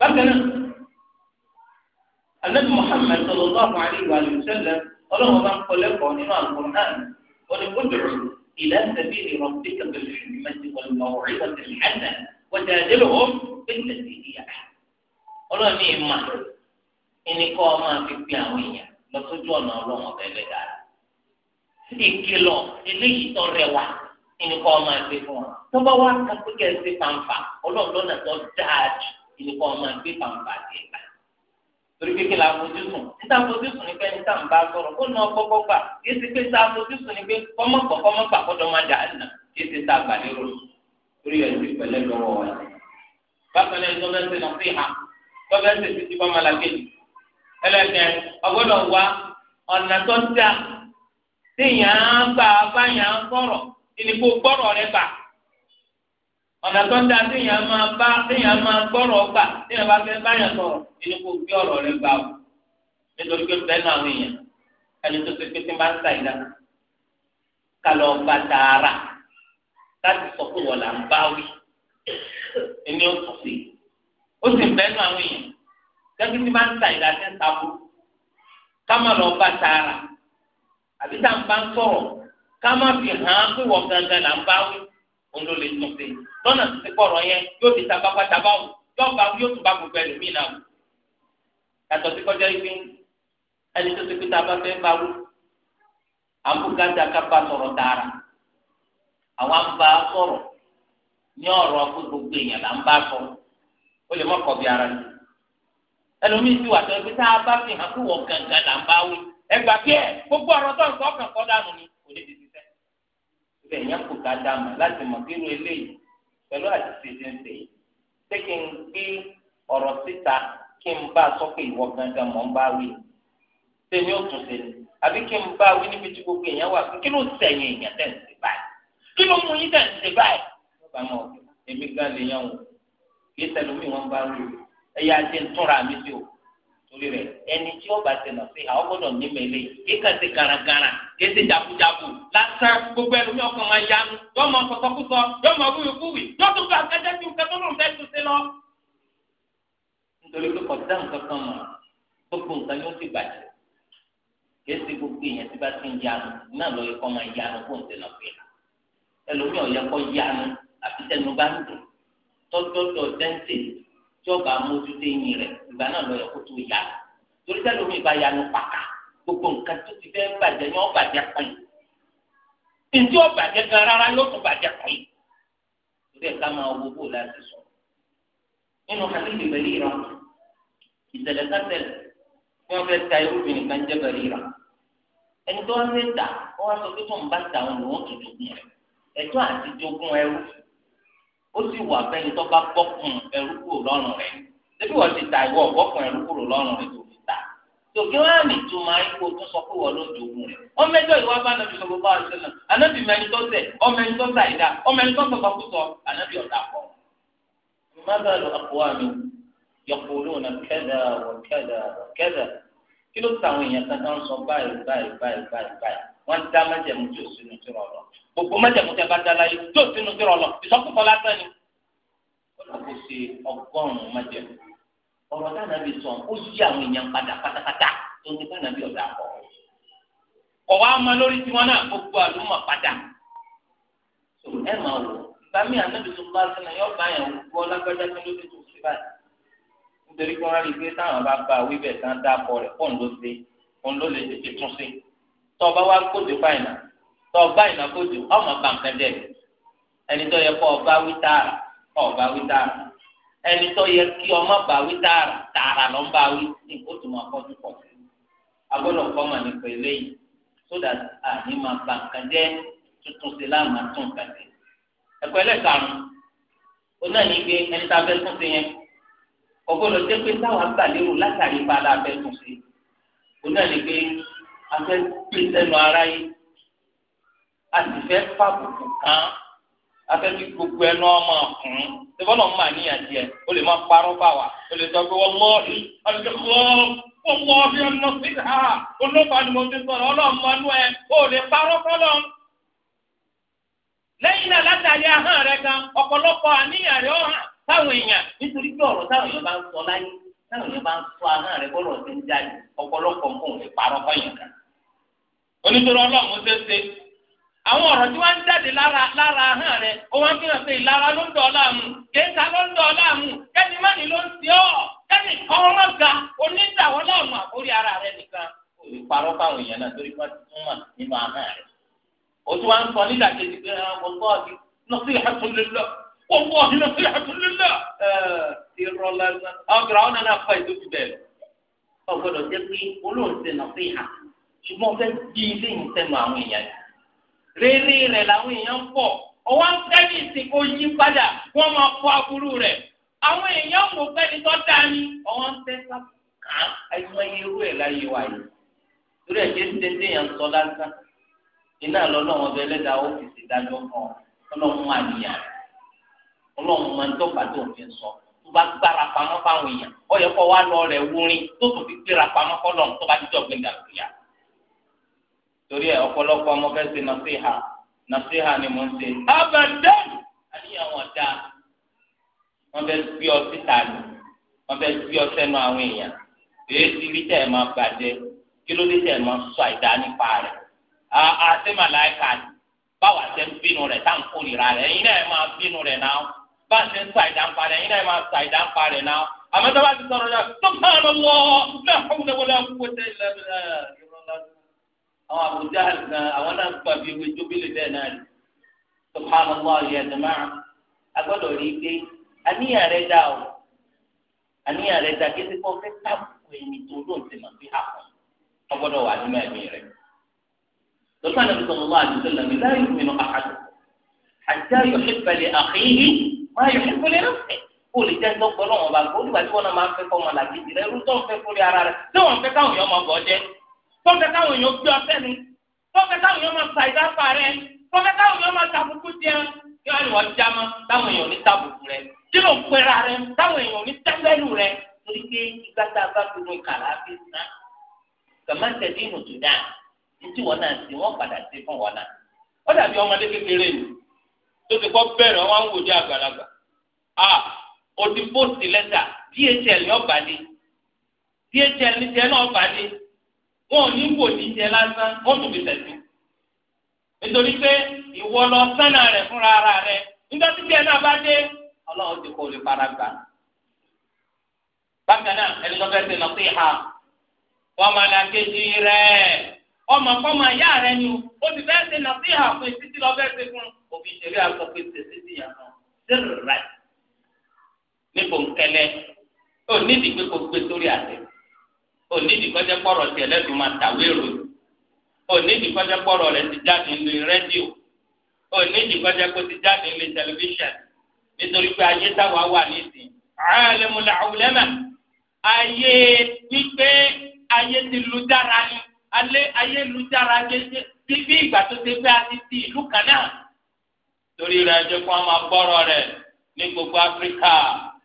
B: bákan náà anabi muhammed sallallahu alayhi wa sallam ọlọ́run bá ń kọ́ nínú al-Qur'an ó ní ud'u ila sabili rabbika bil-hikmati wal-maw'izati al-hasana wajadilhum billati hiya ọlọ́run ní ìmọ̀ ẹni kọ́ ọ máa fi pe àwọn èèyàn lọ sójú ọ̀nà ọlọ́run ọ̀bẹ ẹlẹ́dàá ìkìlọ̀ eléyìí tó rẹwà ìnìkan ọmọ ẹgbẹ́ fún wa tó bá wá kápẹ́ kẹ́sì fanfa ọlọ́run lọ́nà tó dáa jù ìnìkan ọmọ ẹgbẹ́ fanfa ti gbà torí kékeré la fojú sùn níta fojú sùn ní pé níta ń bá sọ̀rọ̀ kó nà ọgbọ́gbọ́ gbà kí ẹsẹ̀ pé ta fojú sùn ní pé kọ́mọ̀kọ́ kọ́mọ̀gbà kọ́dọ̀ máa dà nà kí ẹsẹ̀ ta gbà lérò torí ẹ̀sìn pẹ̀lẹ́ lọ́wọ́ wa ni. bákan náà ẹjọ́ bẹ́ẹ̀ sẹ́nà sí ha bọ́bẹ́ sẹ́sì ti bá malakejì ẹlẹ́sìn ọgbọ́dọ̀ wa ọ̀nà tó dáa téèyàn á gbà báyàn á gbọ́rọ̀ ìnìkó gbọ́rọ̀ rẹ gbà ọ̀nà tó ń da téèyàn máa bá téèyàn máa gbọ́rọ̀ gbà téèyàn bá fẹ́ báyàn sọ̀rọ̀ ìnìkó gbé ọ̀rọ̀ rẹ gbà o nítorí pé bẹ́ẹ̀ náà àwọn èèyàn ẹni tó ti pé tí máa ń ta ìdá kálọ̀ ọba tààrà láti sọ pé wọ́n là ń bá wí ẹni ó tún sí ó sì bẹ́ẹ̀ náà àwọn èèyàn gẹ́gẹ́ tí máa ń ta ìdá ká má lọ ọba tààrà àbí tá à ń bá ń sọ̀rọ̀ ká má fi hàn án pé wọ́n gangan là ń bá wí òun ló lè tún ṣe lọ́nà tó ti pọ̀rọ̀ yẹn yóò di tabátabá wù yóò bá yóò tún bá gbogbo ẹlòmíì náà wù. yàtọ̀ sí kọjá ibi ẹni tó ti pé tá a bá fẹ́ bá wù àbúkátà ká bá sọ̀rọ̀ dára àwọn àbá sọ̀rọ̀ ní ọ̀rọ̀ pé gbogbo èèyàn là ń bá sọ ó lè mọ̀kọ́ bí ara ni ẹlòmíì ti wà tó ẹgbẹ́ tá a bá fi hàn pé wọ́n gangan là ń bá wí ẹgbà bí ẹ gbogbo ọ̀rọ̀ tó ń sọ ọkàn kọ́ dànù ni kò lè tètè sẹ́. ibẹ̀ yẹn kò ká dá mà láti mọ̀ kí irú eléyìí pẹ̀lú àti ṣèṣe ń ṣe yìí ṣé kí n gbé ọ̀rọ̀ síta kí n bá a sọ pé ìwọ gangan mọ̀ ń bá wí tèmi ò tún ṣe ni àbí kí n bá wí níbi tí gbogbo èèyàn wà kí ló sẹ̀yìn èèyàn tẹ̀ ń ṣe báyìí kí ló mú yín tẹ̀ ń ṣe báyìí. bàbá mọ èmi gan lè yan o kì í torí rẹ ẹni tí ó bá ti nà sí àwọn gbọ́dọ̀ ní mẹlẹ kíkà sí garagara kéde jagunjagun lásán gbogbo ẹlòmí ọkàn máa yanu yóò máa sọsọkúsọ yóò máa wíwíwíwí yóò tún gba akẹjẹ tí nǹkan tó lòun fẹ́ẹ́ tún sí lọ. nítorí pé kọjá nǹkan kan mọ gbogbo nǹkan yóò ti bàjẹ́ kéde gbogbo èèyàn tí bá ti ń yanu náà ló yẹ kó máa yanu kó n ti nà sí i ẹlòmí ò yẹ kó yanu àfi tẹnu bá ń dùn tọ́jọ́ tí ọba mójútó eyín rẹ̀ ìgbà náà lọ yẹ kó tó yá torí sẹ́ni omi ìbá yanu pàkà gbogbo nǹkan tó ti fẹ́ bàjẹ́ ni wọ́n bàjẹ́ pín ntí ọba jẹ gan rárá yóò tún bàjẹ́ pín torí ẹ̀ ká máa wo bó láti sọ nínú hadith ìbẹ̀lẹ̀ ìrà ìṣẹ̀lẹ̀ sátẹ̀lẹ̀ tí wọ́n fẹ́ ta irúbìnrin kan jẹ́ bẹ̀rẹ̀ ìrà ẹni tó wọ́n fẹ́ ta wọ́n sọ pé tó ń bá ta òun lòún tó jogún rẹ̀ àti jogún ẹrú ó sì wà fẹ́ni tó bá bọ́kùn ẹrú kúrò lọ́rùn rẹ̀ débi wọ́n ti ta ìwọ bọ́kùn ẹrú kúrò lọ́rùn rẹ̀ tó fi ta tòkí wọn àmì tó máa ń kó tó sọ pé wọn ló jogun rẹ̀ wọn mẹ́jọ ìwà bá nàbì sọ gbogbo àti sẹlẹ ànábì mẹni tó tẹ ọmọ ẹni tó ta ìdá ọmọ ẹni tó sọgbà kú sọ ànábì ọ̀tà kọ. mọ́tàlù àpòwámi yọkùnrin náà kẹ́dà wọ̀ kẹ́dà kẹ́dà kí ló ta wọn dá májẹ̀mú tí o sínú tí o lọ gbogbo májẹ̀mú tí a bá dá láyé tí o sínú tí o lọ ìsọkúsọ lásán ni. ọlọ́kù ṣe ọgọ́rùn-ún májẹ̀mú ọ̀rọ̀ dáná bí sọ ó yí àwọn èèyàn padà pátápátá tó ń dáná bí ọ̀dà kọ̀. ọ̀wá ma lórí tiwọn náà gbogbo àlùmọ̀ padà. ẹ máa wò ìgbà mi ànábi tó bá sínú yóò bá yẹn wọ lágbájá tó lóde tó fi báyìí. nítorí pé wọ́n rí i pé táwọn bá gba tọba wa kóòtù fáìnà tọba ìnà kóòtù ọmọ bàǹkà jẹ ẹni tó yẹ kó ọba wí tààrà ọba wí tààrà ẹni tó yẹ kí ọmọ bá wí tààrà tààrà ló ń bá wí ní kóòtù máa kọ́ dúpọ̀ agbọ́dọ̀ kọ́ mà nípa eléyìí sódà àní máa bàǹkà jẹ tuntun sí láàmà tó nǹkan jẹ ẹ̀kọ́ ẹlẹ́karùn-ún oná ní gbé ẹni tá a fẹ́ tún sí yẹn ọgbọ́dọ̀ jẹ́ pé táwọn gbà látàrí padà fẹ́ tún sí oná ní gbé afẹ́ gbé sẹ́nu ara yìí a fẹ́ fàbùkù kan afẹ́ gbogbo ẹnu ọmọ ọ̀hún ṣùgbọ́n náà máa tiẹ̀ o lè má parọ́ bá wa o lè sọ pé wọ́n mọ́ ọ̀hún àti kọ́ wọ́n mọ́ rẹ gan ọ̀pọ̀lọpọ̀ àníyàn rẹ táwọn èèyàn nítorí ń sọ láyé táwọn èèyàn ń sọ ahọ́n rẹ bọ́lọ̀ onítorí ọlọ́run ó ṣeéṣe àwọn ọ̀rọ̀ tí wọ́n ń jáde lára lára ọrụ rẹ̀ ó wá ń fi hàn pé ìlara ló ń dọ̀ láàmú kéńtà ló ń dọ̀ láàmú kẹ́ni mọ́ni ló ń ga onídàwọ́ àkórí ara rẹ̀ nìkan òbí parọ́ fáwọn èèyàn náà torí wọ́n ti tún mà nínú ahọ́n rẹ̀ ó tún wá ń sọ nígbà kejì pé ah, ọmọ bọ́ọ̀dì ṣùgbọ́n fẹ́ di ilé yìí sẹ́nu àwọn èèyàn yìí. rere rẹ̀ làwọn èèyàn ń pọ̀ ọwọ́ ń fẹ́ ní ìsìnkú yí padà wọ́n máa fọ aburú rẹ̀ àwọn èèyàn ń wò pé tó dáa ni ọwọ́ ń fẹ́ kàn àìmọ iye irú ẹ̀ láyé wa yìí. irú ẹ̀ jẹ́ tẹ́tẹ́ yẹn ń sọ lásán iná lọ́nà ọbẹ̀ ẹlẹ́dàá ó fi ṣèdájọ́ kan ọlọ́run àníyàn ọlọ́run máa ń tọ́pà tó ń fi sọ tó bá gbára pamọ́ fáwọn èèyàn ó yẹ kó wá lọ rẹ̀ wúrin tó tó fi gbéra pamọ́ torí ẹ ọ̀pọ̀lọpọ̀ ọmọ fẹẹ ṣe nàṣíhà nàṣíhà ni mò ń ṣe abàdán àníyàn wọn dáa wọn fẹẹ gbé ọ síta ni wọn fẹẹ gbé ọ sẹ́nu àwọn èèyàn èyí ti rí tẹ ẹ máa bàjẹ́ kí ló dé tẹ ẹ máa sọ àìdá nípa rẹ̀ àti màláìka ni báwa ṣe ń bínú rẹ̀ tá à ń kórìíra rẹ̀ ẹ̀yin náà ẹ máa bínú rẹ̀ náà bá ṣe ń sọ àìdá ń parẹ́ ẹ̀yin náà ẹ máa sọ àìdá ń parẹ́ náà àmọ́ tó bá ti sọ̀rọ̀ náà tó bá lọ wọ́ àwọn àbújá gan àwọn náà gba bí ewé jóbílẹ̀ bẹ́ẹ̀ náà rí subhanallah ya jama'a agbọ́dọ̀ rí i pé àníyàn rẹ̀ dá o àníyàn rẹ̀ dá kété kó fẹ́ tábùkù ẹni tó lóun ti mọ̀ sí àpọ̀ ọgbọ́dọ̀ wà nínú ẹ̀mí rẹ̀ lọ́sọ̀ àti sallallahu alaihi wasallam la yu'minu ahadukum hatta yuhibba li akhihi ma yuhibbu li nafsihi kó lè jẹ́ ńdọ́gbọ́ lọ́wọ́ bá gbó nígbà tí wọ́n máa fẹ́ kọ́ tọ́kẹ́ táwọn èèyàn gbé ọtẹ́ ni tọ́kẹ́ táwọn èèyàn máa ṣàìdá pa rẹ tọ́kẹ́ táwọn èèyàn máa tàbùkù jẹ kí wọ́n lè wọ́n já mọ́ táwọn èèyàn ní tàbùkù rẹ kí ló ń pera rẹ táwọn èèyàn ní tẹ́lẹ́lù rẹ torí pé ìgbà tá a bá dunu kàrà fi sá kàmá tẹ̀lé ìmù tó dáa títí wọn náà sí wọn padà sí fún wọn náà ó dàbí ọmọdé kékeré ni tó ti kọ́ bẹ̀rẹ̀ wọn ń wòjú àgbàlagbà a òdìbò sílẹ̀ dà DHL ní ọ̀bàdì DHL ní tiẹ̀ náà ọ̀bàdì wọn ò ní wò ní jẹ lásán wọn tún fi tẹ̀sí. nítorí pé ìwọ lọ sánà rẹ fúnra ara rẹ nígbà tí náà bá dé ti o lè gbà. bákan náà ẹni tó fẹ́ ṣe lọ sí ìhà wọn máa la kejì rẹ ọmọ ìyá ni o ti fẹ́ ṣe lọ sí ìhà fún títí lọ fẹ́ ṣe fún òfin ìṣẹ̀lẹ̀ àkọ́kọ́ ìṣẹ̀lẹ̀ sí ìyànà rẹ onídìí kọjá pọ̀rọ̀ tiẹ̀ lẹ́dùn máa tàwé ìròyìn onídìí kọjá pọ̀rọ̀ rẹ̀ ti jáde nílé rédíò onídìí kọjá kó ti jáde nílé tẹlifíṣàn nítorí pé ayé táwa wà nísìnyí àlẹ́múlẹ̀ àwùlẹ́mẹ̀ ayé wípé ayé ti lu dára ni alẹ́ ayé lu dára gẹ́gẹ́ bí bí ìgbà tó ti fẹ́ àti ti ìlú kan náà torí rẹ̀ jẹ́ kó a máa gbọ́rọ̀ rẹ̀ ní gbogbo Áfíríkà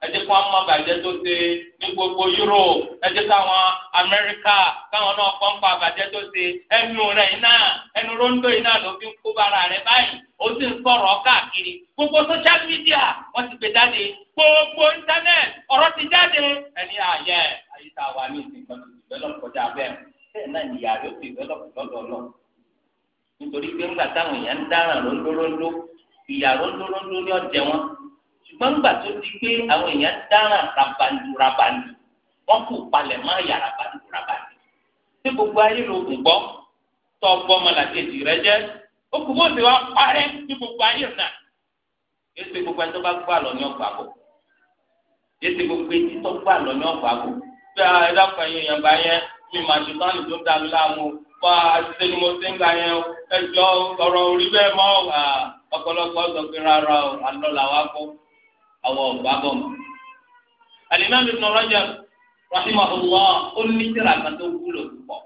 B: ẹjẹ kó àwọn àbàjẹ tó ṣe ní gbogbo Europe ẹjẹ káwọn Amẹ́ríkà káwọn náà pọnpọ àbàjẹ tó ṣe ẹnu rẹ iná ẹnu rondo iná ló fi ń kó bara rẹ báyìí ó sì ń sọ̀rọ̀ káàkiri gbogbo social media wọn ti gbé jáde gbogbo internet ọ̀rọ̀ ti jáde ẹni àyẹ àyíká wa ní ìsìn kan ti develop kọjá bẹ́ẹ̀ bẹ́ẹ̀ náà ni ìyá rẹ ó ti develop lọ́dọ̀ lọ nítorí pé ńgbà táwọn èèyàn ń dáràn rondórondó ìyá rondórondó ni ọjẹ wọn ṣùgbọ́n nígbà tó di pé àwọn èèyàn dáràn rabandu rabandu wọ́n kò palẹ̀ mọ́ àyà rabandu rabandu tí gbogbo ayé ló kù gbọ́ tó gbọ́ ọmọlàkejì rẹ jẹ́ ó kù bó ṣe wá parẹ́ ní gbogbo ayé náà èsì gbogbo ẹni tó bá gbà lọ ní ọgbà bò èsì gbogbo etí tó gbà lọ ní ọgbà bò bí ẹ dákun ẹ̀yin èèyàn bá yẹn mi màá ṣe tán ní tó dá mi láàmú wá ṣe ni mo ṣe ń gbà yẹn ẹjọ́ ọ̀rọ̀ orí bẹ́ẹ̀ mọ́ ah, ọ̀pọ̀lọpọ̀ sọ pé rárá o alọ làwa kó àwọn ọ̀gbá bọ̀ mọ́. Al-Imam Ibn Rajab rahimahullah ó ní tírà kan tó wúlò púpọ̀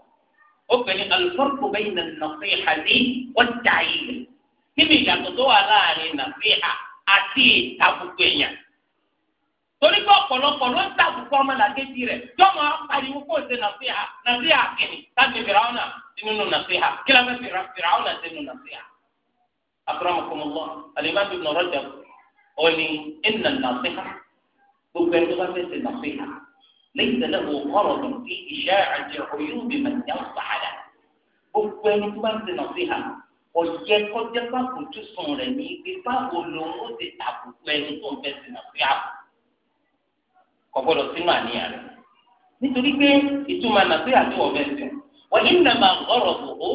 B: ó pè ní al-farqu bayna an-nasihati wat-ta'yir níbi ìyàtọ̀ tó wà láàrin nàfíà àti ìtàkùkù èèyàn torí pé ọ̀pọ̀lọpọ̀ ló ń tàbùkù ọmọlàkejì rẹ̀ jọ́mọ pariwo kó o ṣe nàfíà nàfíà kìnnì láti fìràwọ̀nà sínú nàfíà kí lóò fẹ́ fìràwọ̀nà sínú nàfíà. akọ́rọ́mọkọ́mọ́lọ́ àlè má dùn nọ̀rọ̀ jẹun ó ní ẹnà nàfíà gbogbo ẹni tó bá fẹ́ ṣe nàfíà lẹ́yìn tẹ́lẹ̀ wò kọ́rọ̀ tó fi iṣẹ́ àjẹ oyún bí mà ní àwọn sàhádà gbogbo ẹni tó bá ń ṣe nàfíà ọ̀yẹ́ kọjá bá kò tún sùn rẹ̀ ní ibi báwo lòun ó ti tàbùkù ẹni tó ń fẹ́ ṣe nàfíà gbọ́dọ̀ sínú àníyàn rẹ̀ nítorí pé ìtumọ̀ nàfíà tó wọ̀ fẹ́ wọ́n yín nàmà ọ̀rọ̀ bò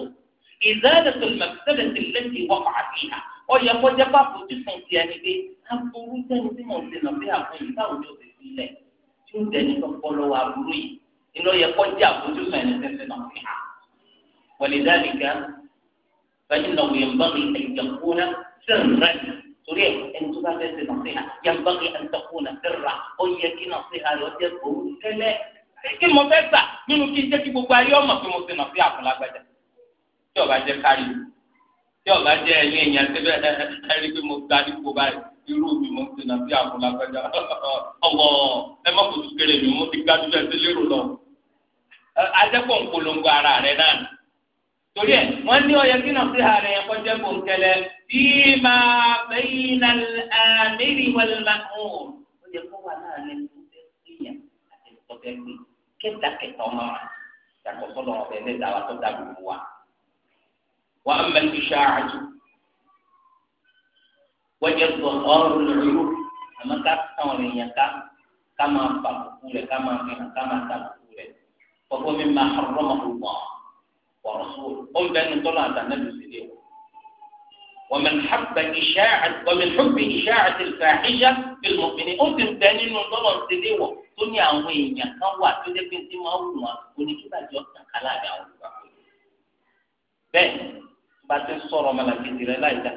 B: ọyẹ kọjá pàpọ̀ tí fún ti ẹni pé aburú sẹ́ni tí mò ń ṣe lọ sí àwọn yìí báwo ni o ti fi lẹ̀ tí ó dẹni tó kọ́ lọ́wọ́ aburú yìí inú ọyẹ kọjá àbójú sọ ẹni tẹ́sẹ̀ náà fi hàn. ولذلك فإنه ينبغي أن يكون سرا torí ẹni tó bá fẹsẹ̀ nọ̀síhà yàgbọ́n ẹni tó kún un sẹ́ra ó yẹ kí nọ̀síhà rẹ̀ ọjọ́ òun tẹ́lẹ̀ kí mo fẹ́ gbà nínú kí n jẹ́ kí gbogbo ayé ọmọ pé mo ti nọ̀síhà fún tí ọba tí ọba jẹ ẹyìn èèyàn tẹbẹ ẹrí pé mo ga dípò báyìí irú mi mo ti nà sí àpò lágbájá ọwọ ẹ má kòtò kéré mi mo ti ga dípò ẹsẹ lérò lọ ajẹpọ ńpolongo ara rẹ náà torí ẹ wọn ní ọyọ kí náà sí ààrẹ yẹn kọjá kò ń tẹlẹ bí máa bẹyìn àmìrì wọlé lánàá ó yẹ kó wà láàrin tó fẹ́ pé àti tó fẹ́ pé kẹta kẹta ọmọ wa yàtọ̀ sọ́dọ̀ ọ̀bẹ ẹ̀ẹ́dẹ́gbẹ̀ta wa tó dàgbò wa. وأما الإشاعة وإظهار العيوب أما كاستون يكا كما فقول كما فيها كما تقول فهو مما حرمه الله ورسوله قل بأن طلع النبي سيديه ومن حب إشاعة ومن حب إشاعة الفاحشة في المؤمنين ó ti bẹ nínú lọ́wọ́ ìdílé wọ̀ tó ní àwọn èèyàn kan wà tó dé pé tí máa pàṣẹ sọ̀rọ̀ malakiti rẹ láìda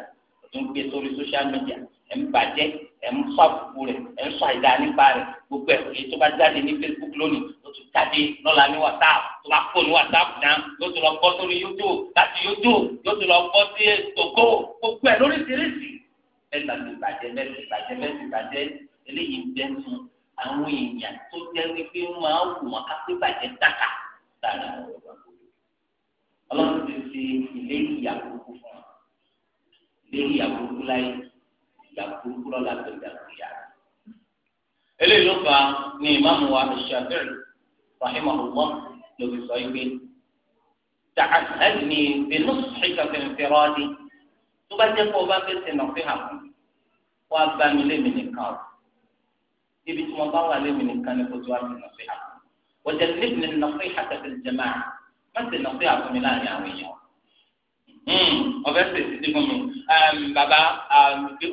B: òtún gbé sórí social media ẹ̀ ń bàjẹ́ ẹ̀ ń fàbùkù rẹ̀ ẹ̀ ń sọ àìdá nípa rẹ̀ gbogbo ẹ̀ èyí tó bá jáde ní Facebook lónìí ló tún jáde lọ́la ní WhatsApp tó bá fò ní WhatsApp náà ló tún lọ bọ́ sórí YouTube láti YouTube ló tún lọ bọ́ sí ètòkó gbogbo ẹ̀ lóríṣiríṣi ẹ̀ta ti bàjẹ́ mẹ́sì bàjẹ́ mẹ́sì bàjẹ́ eléyìí bẹ́ẹ̀ fún àwọn èèyàn tó jẹ́ wípé wọ́n máa wù wọ́n ká pé bàjẹ́ léyìí ìyá burúkú fún wa léyìí ìyá burúkú láyé ìyá burúkú lọ́la tó ìyá ìyá. eléyìí ló fà á ní ìmáàmù wa Shafi'i rahimahullah ló fi sọ ìwé ní bi nushika fi infiradi tó bá jẹ́ pé o bá fẹ́ sinà fi hàn fún á bá mi lémi nìkan o ibi tí mo bá wà lémi nìkan ni kò tó wà sinà fi hàn wọ́n jẹ́ níbi nàfẹ́ hàtàkì jẹ́máà má sinà fi hàn fún mi láàrin àwọn èèyàn. Hmm, ọbẹ̀ ṣèṣì ti fún mi um, bàbá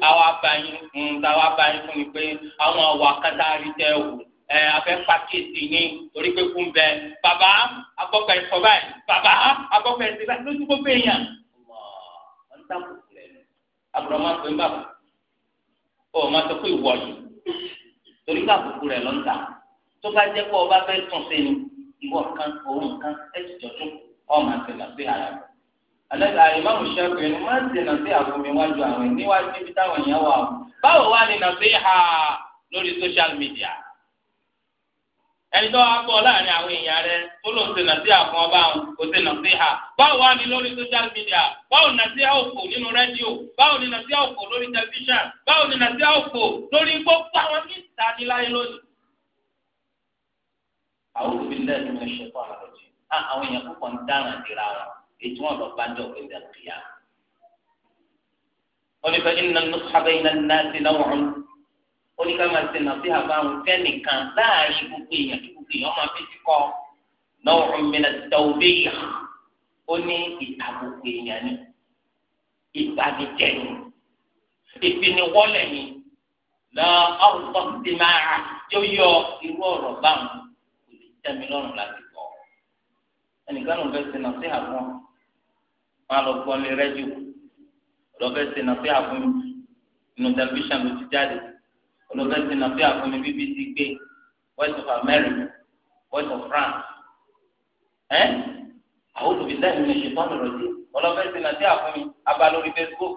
B: àwa um, abayín hmm, táwa abayín fún mi pé àwọn àwọ̀ akátá rí tẹ́ wò ẹ afẹ́ pàkíyèsí ní torí pé kún bẹ bàbá agbọ́pẹ́ sọ báyìí bàbá agbọ́pẹ́ sọ báyìí lójú gbogbo èèyàn wọ́n dáàbò rẹ̀ àbúrò máa pè ń bàbá ó máa sọ pé ìwọ yìí torí ká àbùkù rẹ̀ ló ń ta tó bá jẹ́ pé ọba fẹ́ tún sí ni ìwọ kan òun kan ẹ̀jẹ̀ tó ọmọ àti ìlàsí ara rẹ̀. alẹ́ka ìmáàmù ṣẹ́kù ẹni máa ń ṣe nàṣẹ́ àfọmí wájú àwọn níwájú ibi táwọn èèyàn wà o báwo wá ní nàṣẹ́ ha lórí social media ẹni tó wá gbọ́ láàrin àwọn èèyàn rẹ tó lọ ṣe nàṣẹ́ àfọmọ́ bá wọn kò ṣe nàṣẹ́ ha báwo wá ní lórí social media báwo nàṣẹ́ òfò nínú rédíò báwo ní nàṣẹ́ òfò lórí tẹlifíṣàn báwo ní nàṣẹ́ òfò lórí gbogbo àwọn tí ìtàníláyé lónìí. àwọn òbí lẹ́nu ẹ̀ṣẹ̀ ètò wọn lọ bá jọ pé dàkìyà. onífẹ́ iná nùsàbẹ́ iná nàásì lọ́wọ́n oníkà máa ṣe nàá sí àbáwọn fẹ́nìkan láàrin gbogbo èèyàn tó gbogbo èèyàn máa fi kọ́ lọ́wọ́n mìíràn tẹ̀wọ́ bẹ́yà ó ní ìta gbogbo èèyàn ni ìbàdíjẹ ni ìfiniwọlẹ̀ ni lọ ọ̀rùkọ́ ti máa yóò yọ irú ọ̀rọ̀ báwọn kò lè tẹ́ lọ́rùn láti kọ́ ẹnìkan ló ń fẹ́ ṣe nàá sí àwọn wọn lọ gbọ́ lé rẹ́díò lọ́fẹ́ ṣe nàfẹ́ àfúnmi inú tẹlifíṣàn ló ti jáde lọ́fẹ́ ṣe nàfẹ́ àfúnmi BBC gbé West of America West of France ẹ́ àwọn olùbílẹ̀ mi lè ṣe tọ́nu rọ̀jì ọlọ́fẹ́ ṣe nàfẹ́ àfúnmi abá lórí Facebook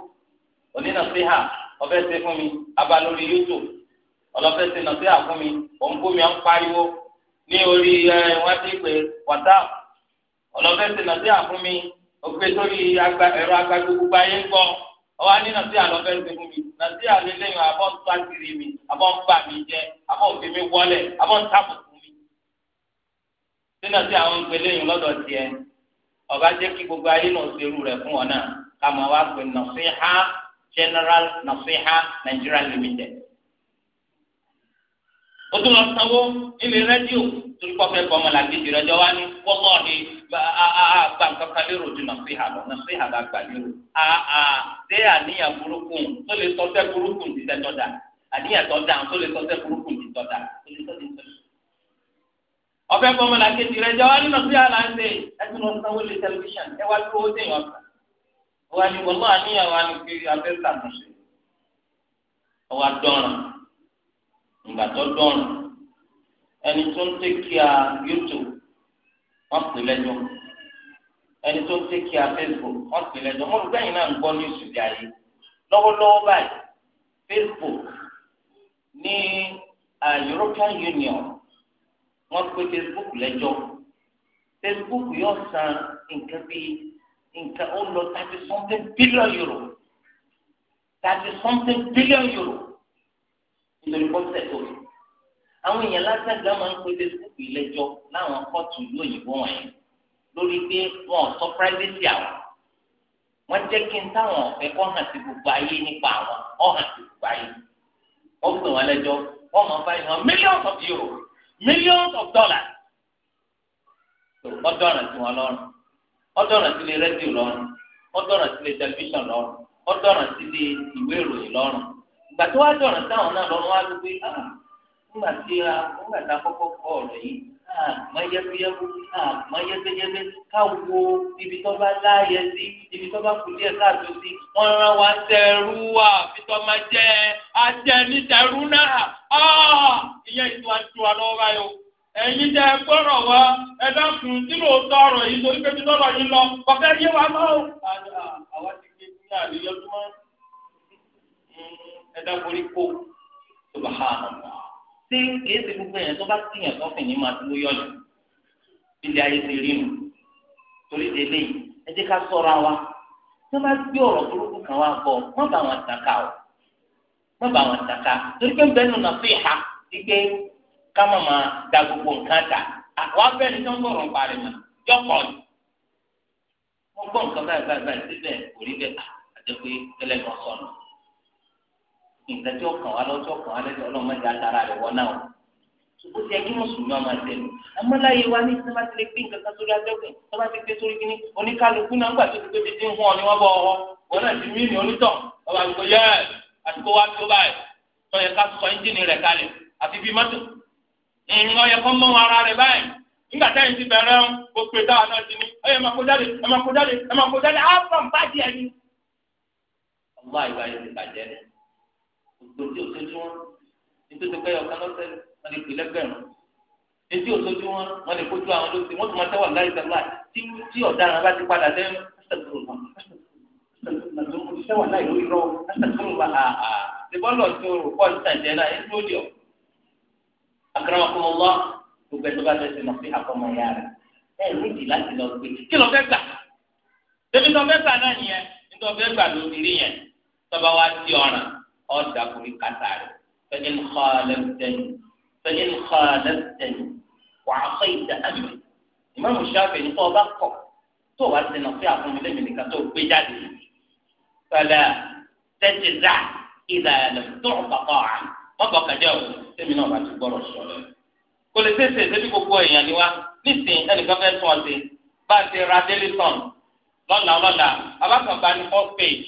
B: onínàfẹ́ hà ọfẹ́ ṣe fún mi abá lórí YouTube ọlọ́fẹ́ ṣe nàfẹ́ àfúnmi òǹkómi à ń pariwo ní orí ẹ̀ wọ́n ti pè WhatsApp ọlọ́fẹ́ ṣe nàfẹ́ àfúnmi. ògbé sórí ẹ̀rọ agbágbogbo báyé ń gbọ́ ọwọ́ ní nàìjíríà àlọ́ fẹ́ẹ́ ṣe mi nàìjíríà àlọ́ abọ àbọ̀ ń tó àṣírí mi abọ ń bà mí jẹ́ àbọ̀ ń fi mi wọlé àbọ̀ ń tàbùkù mi. ṣé nàìjíríà ń gbélé gbogbo ayé náà fún ọ náà limited. ó tún lọ sanwó torí kọ́ fẹ́ bọ́ ọmọ làkejì rẹ jọ wá ní wọ́pọ̀ ni gba nǹkan kan lérò ju nàṣíhà lọ nàṣíhà la gbà lérò àà dé àníyàn burúkú tó lè sọ fẹ́ burúkú ti tẹ́ tọ́da àníyàn tọ́da tó lè sọ fẹ́ burúkú ti tọ́da ọfẹ jira ọmọ làkejì rẹ jọ wá ní nàṣíhà là ń ṣe ẹtù lọ sanwó lè tẹlifíṣàn ẹ wá dúró dé yàn kan wọ́n ní wọ́n náà níyàn wá ní kiri abẹ́rẹ́ tàbí ṣe ọwọ́ adọ́ràn ìgbà tó dọ́ràn ẹni tó ń a YouTube wọ́n pè lẹ́jọ́ ẹni tó ń a Facebook wọ́n pè lẹ́jọ́ mo rò pé ẹ̀yin náà ń gbọ́ ní oṣù bí ayé lọ́wọ́lọ́wọ́ báyìí Facebook ní European Union wọ́n pè Facebook lẹ́jọ́ Facebook yóò san nǹkan bíi nǹkan ó lọ thirty something billion euro thirty something billion euro nítorí pọ́ńtẹ̀ tó yẹ àwọn èèyàn lásán gan máa ń pe Facebook ìlẹ́jọ́ láwọn kóòtù ìlú òyìnbó wọ̀nyí lórí pé wọn ò sọ privacy àwọn wọn jẹ́ kí n táwọn ọ̀fẹ́ kọ́ hàn sí gbogbo ayé nípa àwọn ọ̀ hàn sí gbogbo ayé wọ́n pè wọ́n lẹ́jọ́ wọ́n máa bá ìhàn millions of euros millions of dollars ọdọ́ràn sí wọn lọ́rùn ọdọ́ràn sí lè rédíò lọ́rùn ọdọ́ràn sí lè tẹlifíṣàn lọ́rùn ọdọ́ràn sí lè ìwé ìròyìn lọ́rùn ìgbà tó wá dọ̀ràn sáwọn náà lọ́rùn wá ló pé ah, nígbà tí a nígbà tá a kọ́kọ́ kọ ọ̀rọ̀ yìí àmọ́ yẹ́bíyẹ́bí àmọ́ yẹ́bíyẹ́bí ká wo ibi tó bá láàyè sí ibi tó bá kù díẹ̀ káàtó sí wọ́n rán wa tẹ̀rú wa fi tó máa jẹ́ ajẹ́ ní tẹ̀rú náà ìyẹn ìtú àti wà lọ́wọ́ báyìí o ẹ̀yin jẹ́ gbọ́rọ̀ wa ẹ dákun tí mo tọ ọ̀rọ̀ yìí lórí pé mi tọ́lọ̀ yìí lọ kọ̀fẹ́ yé wa mọ́ o. àwa ti gbé ní àríyànjú mọ́ ẹ dákun orí kó subhanallah. ṣé kìí ṣe gbogbo yẹn tó bá sí yẹn tó fìyìn máa dúró yọ̀nà ilé ayé ti rí nu torí délé yìí ẹ jẹ́ ká wa bá gbé ọ̀rọ̀ burúkú kan wá bọ̀ má bà wọn o má bà wọn torí pé bẹ́ẹ̀ fi hà ká má máa da gbogbo nǹkan ta àwọn abẹ́rẹ́ ni wọ́n gbọ́ nǹkan báyìí báyìí síbẹ̀ kò rí nǹkan tí ó kàn wá lọ́jọ́ kàn wá lẹ́sẹ̀ ọlọ́mọdé atara rẹ̀ wọ́n náà ṣùgbọ́n tí ẹgbẹ́ mùsùlùmí ọmọ ẹsẹ̀ lò amúláyé wa ní sábà ti lè pín nǹkan kan sórí atẹ́gùn sábà ti pé sórí kínní oníkálukú náà gbà tó ti pé ti ti ń hàn ni wọ́n bọ̀ ọ́ wọn náà ti mímì onítàn ọba àgùkọ yẹ àtìkó wa tó báyìí tó yẹ ká sọ ẹ́ńjìnì rẹ̀ kalẹ̀ àti bíi mọ́tò ìrìnà yẹ kó mọ́ ara rẹ̀ báyìí nígbà táyìn ti bẹ̀rẹ̀ ń gbogbo ìdáhà náà ti ní ẹ máa kó jáde ẹ máa kó jáde ẹ máa kó jáde á fọ̀ ń bá díẹ̀ ni. ọgbà ìgbà yìí ti bàjẹ́ gbòdì òṣojúmọ́ nítorí pé ọ̀kan lọ́sẹ̀ wọn lè pè lẹ́gbẹ̀rún etí òṣojúmọ́ wọn lè kójú àwọn lóṣù wọn tún máa tẹ́wọ̀ láì tẹ́wọ̀ láì tí tí ọ̀daràn bá ti padà dẹ́nu tẹ́wọ̀ láì lórí rọ ṣèbọ́lọ̀ tó rò pọ̀ ní tàjẹ́ náà ẹ̀ ń lóde ọ̀ akramakumullah gbogbo ẹ̀tọ́ bá fẹ́ẹ́ sinmi àkọ́mọ ya rẹ̀ ẹ̀ nídìí láti lọ gbé kí lọ fẹ́ gbà débi tó fẹ́ gbà náà nìyẹn nítorí fẹ́ gbà lórí ọ̀dà kò ní kàtà rẹ̀ fẹ́yìn xaalẹ́tẹ̀yìn fẹ́yìn xaalẹ́tẹ̀yìn wà á fẹ́ ìdá àmì ìmáàmù sáfẹ̀ ní tó o bá kọ̀ tó o bá ti nà fẹ́ àfọmọlẹ́mì nìkan tó o gbé jáde fẹ́lẹ́ tẹ́tí dá ìlà tó o bàbá wa mọ́tò kàjá o sẹ́mi náà bá ti gbọ́rọ̀ sọ̀rọ̀ kò lè tẹ̀sí ẹ̀sẹ̀bí gbogbo èèyàn ni wa nísìnyí ẹnìkan fẹ́ tún ọ sí bá a ti ra daily sun lọ́la lọ́la abákan bá ní first page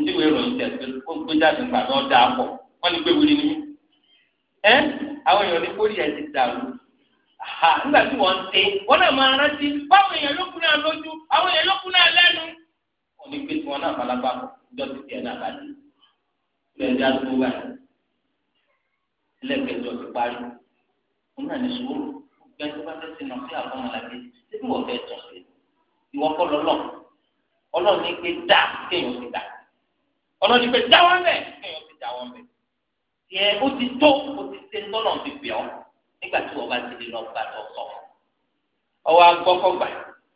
B: ndí wo ìròyìn tẹ̀sí ó gbé jáde nípa náà dá a pọ̀ wọ́n ní gbéwìrì ni mí. ẹ àwọn èèyàn ní kórìí ẹ ti dàrú ha nígbà tí wọ́n ń ṣe wọ́n náà máa rántí báwọn èèyàn yókù náà lójú àwọn èèyàn yókù náà lẹ́nu. wọ́n ní pé tí wọ́n náà falágbá pọ̀ ìjọ ti tiẹ̀ náà bá dé ilé ẹja tó wà lẹ́ẹ̀kẹjọ ti parí wọ́n náà ní sùúrù gbẹ́ tó bá fẹ́ sí náà sí àkọ́mọ̀lágbé tí wọ́n fẹ́ tọ̀ sí ìwọ́kọ́ lọ́lọ́ ọlọ́run ní pé dá kéèyàn ti dá ọ̀nà ni pé jáwọ́ mẹ́ kéèyàn ti jáwọ́ mẹ́ yẹ ó ti tó ó ti ṣe ńlọ́nà ti pè ọ́ nígbà tí wọ́n bá ti lè lọ gbà tó sọ ọwọ́ agbọ́kọ̀gbà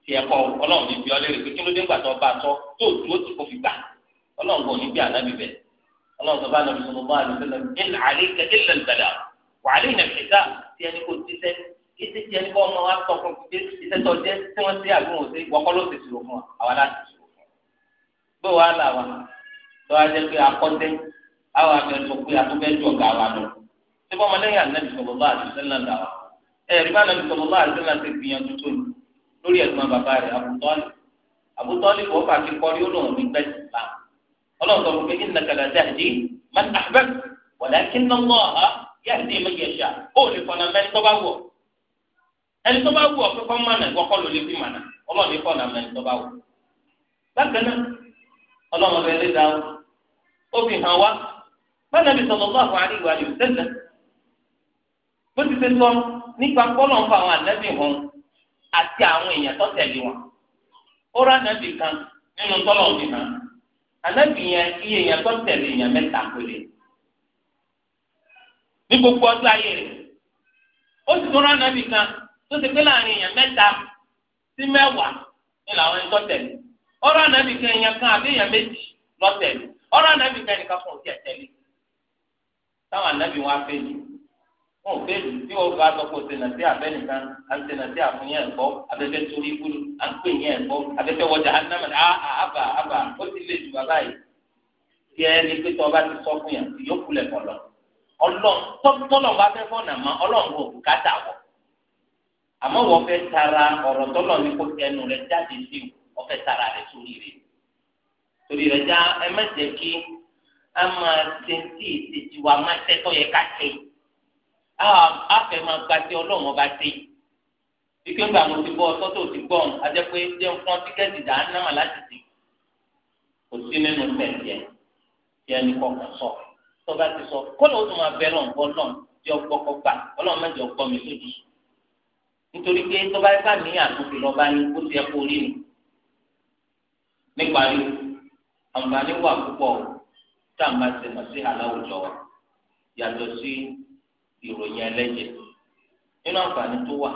B: tiẹ̀ kọ́ ọlọ́run ti pè ọ́ léèrè pé kí ló dé gbà tó bá tọ́ tó dúró tí kò fi gbà ọlọ́run kò ní bí ànábì bẹ̀ ọlọ́run tó bá nàbì sọ̀rọ̀ bá àlùfẹ́ lọ ilà lè nà kẹta tí ẹni kò ti tó a jẹ pé akọ́tẹ́ àwọn abẹ́tọ̀ pé akọ́bẹ́tọ̀ ọ̀gá wa lọ. ṣé bọ́mọ lẹ́yìn ànábì sọ̀rọ̀ bá àtúntẹ́lá dà wá. ẹ ẹ̀rí bá ànábì sọ̀rọ̀ bá àtúntẹ́lá ti gbìyànjú tó ní lórí ẹ̀gbọ́n bàbá rẹ̀ àbútọ́lì. àbútọ́lì kò fà ti kọrí olóhùn ní gbẹ́sì pa. ọlọ́run sọ pé innaka la tahdi man ahbabta walakinna Allaha yahdi man yasha ó lè fọ̀nà mẹ́ni tó bá wọ̀. ẹni tó bá wọ̀ pé kọ́ mọ̀nà ìwọ́kọ́ ló lè fi mọ̀nà ọlọ́run fọ̀nà mẹ́ni tó bá wọ̀. bákan náà ọlọ́run rẹ̀ lè dáhùn ó hàn wá wa sallam bó ti ṣe sọ nípa kọ́lọ̀ ń fa àwọn ànábì hàn àti àwọn èèyàn tó tẹ̀lé wọn ó rà ànábì kan nínú tọ́lọ̀ ń fi hàn ànábì yẹn iye èèyàn tó tẹ̀lé èèyàn mẹ́ta péré ní gbogbo ọjọ́ ayé rẹ̀ ó sì tún rà ànábì kan tó ti pé láàrin èèyàn mẹ́ta sí làwọn ẹni tó ó rà ọ̀rọ̀ anabi kan nìkan fún òsì ẹ̀tẹ́lẹ̀ táwọn anabi wọn afẹ́lẹ̀ wọn ò fẹ́lẹ̀ tí wọn bá sọ pé òsèlè sí abẹ́nìkan àtẹnà sí àfúnyẹ́ ẹ̀kọ́ abẹ́fẹ́ torí ikúlù à ń pè yẹn ẹ̀kọ́ abẹ́fẹ́ wọjà anamọ̀ àbà àbà ó ti lè jù bàbá yìí tí ẹ ní pé tí wọn bá ti sọ fún yàn yóò kulẹ̀ kọ̀lọ̀ ọlọ́ọ̀tọ́lọ̀ bá fẹ́ fọ́nà mọ́ ọlọ́ọ̀gbọ̀n kàtà wọ̀ àmọ́ wọ́n fẹ́ tara ọ̀rọ̀ tọ́lọ̀ ní kó tẹnu rẹ̀ jáde sí ọ̀fẹ́ tara rẹ̀ sórí rẹ̀ torí rẹ̀ já ẹ má jẹ́ kí a máa ṣe tí ìṣèjì wa máa ṣe tó yẹ ká ṣe a fẹ́ máa gba ṣe ọlọ́run ọba ṣe ike ńgbà mo ti bọ́ ọ sọ́tò ti gbọ́n ajẹ́ pé jẹ́ nǹkan tíkẹ́ẹ̀tì dáa ń náà láti sè kò sí nínú pẹ̀lú yẹn tí ẹnì kọ̀ọ̀kan sọ tó bá ti sọ kọ́lọ̀ ó tún máa bẹ lọ́n bọ́ lọ́n jẹ́ ọgbọ́kọ́ gbà ọlọ́run mẹ́jọ gbọ́ mi lójú nítorí pé tó bá bá mi àtúntò lọ́ba ní ó ti kó rí mi nípa rí àǹfààní wà púpọ̀ tá a máa ṣe mọ̀ sí aláwùjọ wa yàtọ̀ sí ìròyìn ẹlẹ́jẹ̀ nínú àǹfààní tó wà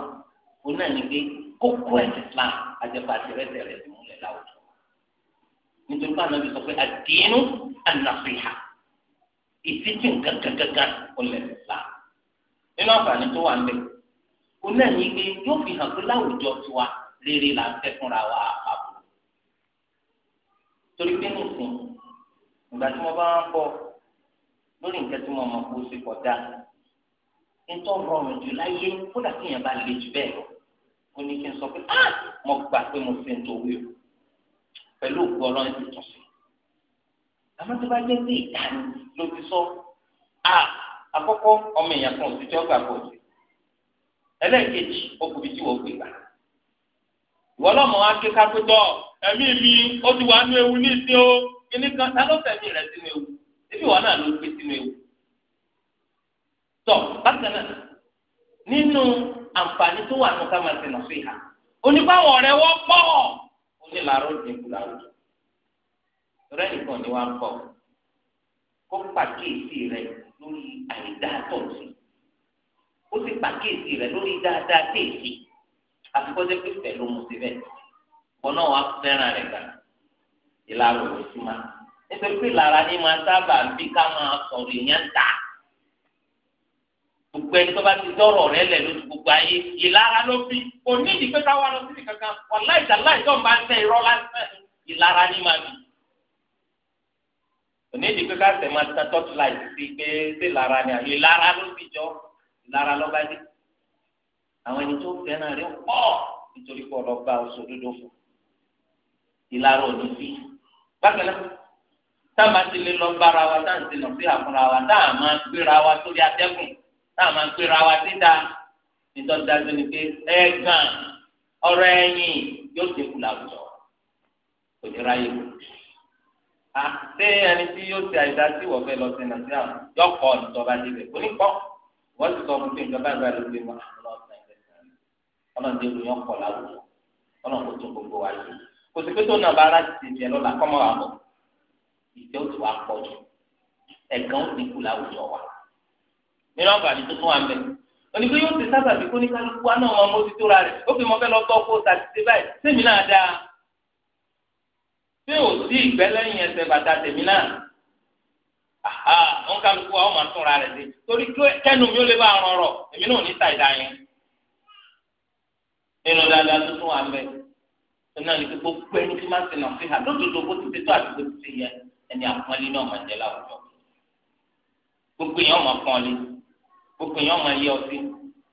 B: ó náà ní pé kókó ẹ̀sìn Islam àjẹpà tẹ̀rẹ̀tẹ̀rẹ̀ ti múlẹ̀ láwùjọ nítorí pé ànábi sọ pé àdínú ànàfíà ìfitì gàgàgàgà ọlẹ̀ Islam nínú àǹfààní tó wà ń bẹ̀ ó náà ní pé yóò fi hàn pé láwùjọ tiwa rere là ń fẹ́ fúnra wa torí pé nìsín ìgbà tí mo bá ń bọ̀ lórí nǹkan tí mo mọ̀ kó ṣe pọ̀ dáa nítorí rọrùn jù láyé kódà tí èèyàn bá le jù bẹ́ẹ̀ lọ ó ní kí n sọ pé ah! mo gbà pé mo fi ń torí o pẹ̀lú òkú ọlọ́run ti tún sí àmọ́ tó bá jẹ́ pé ìdáni ló ti sọ ah àkọ́kọ́ ọmọ èèyàn kan òsì tí wọ́n gbà pọ̀ sí ẹlẹ́ẹ̀kejì okùnrin tí wọ́n gbé gbà ìwọ ọlọ́mọ wa ké ẹ̀mí mi ó ti wà nú ewu ní ìsín o kíní kan ta ló fẹ̀mí rẹ̀ sínú ewu ebi wà náà ló gbé sínú ewu. tọ́ bákan náà nínú àǹfààní tó wà nù káma sí nàfẹ́ ha oníbàwọ̀ rẹ̀ wọ́ pọ̀ onílàró dínkù làwùjọ rẹ̀ nìkan ni wọ́n pọ̀ kó pàkíyèsí rẹ̀ lórí àìdáàtọ̀ sí ó sì pàkíyèsí rẹ̀ lórí dáadáa téèsì àfikọ́jẹ́ pípẹ́ ló mú síbẹ̀ ọ̀nà wa fẹ́ràn rẹ̀ gbà ìlara òṣùmá nítorí pé ìlara ni máa sábà ń bí ká máa sọ̀rọ̀ èèyàn ta gbogbo ẹni tó bá ti dọ́rọ̀ rẹ lẹ̀ lójú gbogbo ayé ìlara ló fi kò ní ìdí pé káwá lọ síbi kankan wàláì tàláì tó ń bá tẹ irọ́ lásán ìlara ni máa bì kò ní ìdí pé ká tẹ̀ máa tán tọ́tù láì sí pé ṣé ìlara ni àyè ìlara ló fi jọ ìlara lọ́ba dé àwọn ẹni tó fẹ́ràn rẹ pọ̀ nítorí pé ọlọ́ba oṣù dúdú fún un ìlara òdò sí bákan náà táwọn àti lè lọ bára wa táwọn àti lọ sí àfúnra wa táwọn máa ń gbéra wa sórí atẹ́gùn táwọn máa ń gbéra wa síta nítorí ni pé ẹ̀gàn ọ̀rọ̀ ẹ̀yìn yóò dínkù láwùjọ kò ní ráyè wò àti ẹni tí yóò ṣe àìdá tí wọ́n fẹ́ lọ sí nàìjíríà yọ kọ́ ìjọba níbẹ̀ kò ní kọ́ wọ́n ti sọ fún mi ìjọba ìgbà ló gbé wọn àwọn ọ̀sán ìgbésẹ̀ ọlọ́run kọ́ láwùjọ ọlọ́run kò sí pé tó nà bá láti tètè ẹ lọ́la kọ́ mọ́ wa bọ̀ ìjẹ́ ó ti wá pọ̀ jù ẹ̀gán ó dínkù láwùjọ wa nínú àǹfààní tó tún wà ń bẹ̀ onígbé yóò ti sábà bí kóníkálukú wa náà wọn mójú tó ra rẹ̀ ó fi mọ fẹ́ lọ tọ́ kó sàtìsí báyìí sèmi náà dáa ṣé ò sí ìgbẹ́lẹ́yìn ẹsẹ̀ bàtà tèmi náà aha wọn kálukú wa wọn máa tún ra rẹ̀ sí torí kẹ́nu mi ò lè bá àrùn èmi náà ò ní ta ìdá yẹn nínú dáadáa tó tún wà nínú àná gbogbo pé ní kí má ti nà fi hà lódodo bó ti ti tó àti bó ti ti yẹ ẹni àpọ́nlé náà máa jẹ láwùjọ gbogbo èèyàn máa pọ́nlé gbogbo èèyàn máa yẹ ọtí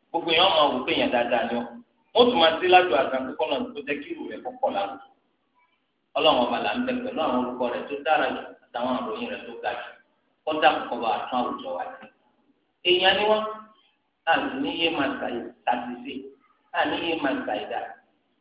B: gbogbo èèyàn máa wò pé èèyàn dáadáa ni ọ wọ́n tún máa sí lájọ àgbàǹkó kọ́nà tó jẹ́ kí ìrù rẹ̀ kọ́kọ́ lànà ọlọ́run ọba là ń bẹ pẹ̀lú àwọn orúkọ rẹ̀ tó dára jù àtàwọn àròyìn rẹ̀ tó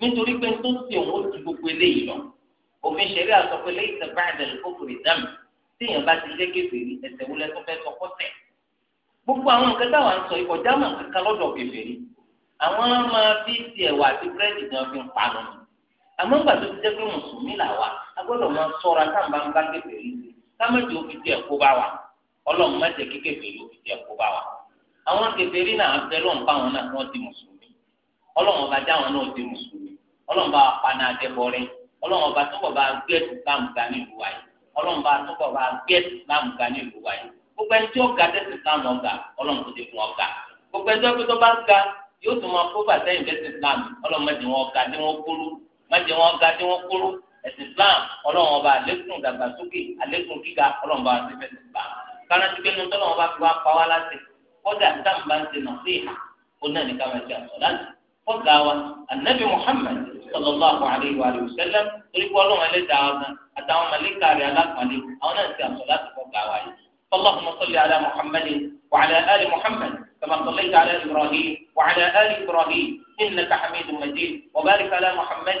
B: nítorí pé tó ti òun ó ti gbogbo eléyìí lọ òfin ṣẹlẹ àsọpẹ lẹ́yìn tẹ báyìí lọ kókò lè dàmì téèyàn bá ti jẹ kèfèrí ẹsẹ̀ wọlé tó fẹ́ sọkọ tẹ gbogbo àwọn nǹkan táwa ń sọ ìkọjá mọ kankan lọ́dọ̀ kèfèrí àwọn máa fi ti ẹ̀wà àti búrẹ́dì náà fi ń panu àmọ́ ńgbà tó ti jẹ́ pé mùsùlùmí là wà a gbọ́dọ̀ máa ṣọ́ra tá à ń bá ń sí kámẹ́jì òfin ti ẹ̀kọ́ bá wa ọlọ́run má jẹ́ kí òfin ti ẹ̀kọ́ bá wa àwọn ọlọ́run bá paná àjẹbọrẹ ọlọ́run ọba tó bọ̀ bá gbé ìsìlámù ga ní ìlú wa yìí ọlọ́run bá tó bọ̀ bá gbé ìsìlámù ga ní ìlú wa yìí gbogbo ẹni tí ó ga tẹ́sí ìsìlámù ọ̀gá ọlọ́run ti fún ọ̀gá gbogbo ẹni tó tó bá ń ga yóò tún máa kó bàtẹ́ ìfẹ́sì islam ọlọ́run mẹ́jẹ wọn ga tí wọ́n kúrú mẹ́jẹ wọn ga tí wọ́n kúrú ẹ̀sìn islam ọlọ́run ọba àlékún dàgbàsókè àlékún gíga ọlọ́run ọba àti ìfẹ́sì islam kárántí pé nínú tọ́lọ́run ọba fi wá pa wá láti kọ́dà táǹbà ń ṣe nà ọ̀gá wa anabi muhammed sallallahu alayhi wa sallam torí pé ọlọ́run ẹlẹ́dàá wa gan àtàwọn màlẹ́kà rẹ̀ alápàlẹ́ àwọn náà ti àṣọ láti fọ́gá wa yìí. اللهم صل على محمد وعلى آل محمد كما صليت على إبراهيم وعلى آل إبراهيم إنك حميد مجيد وبارك على محمد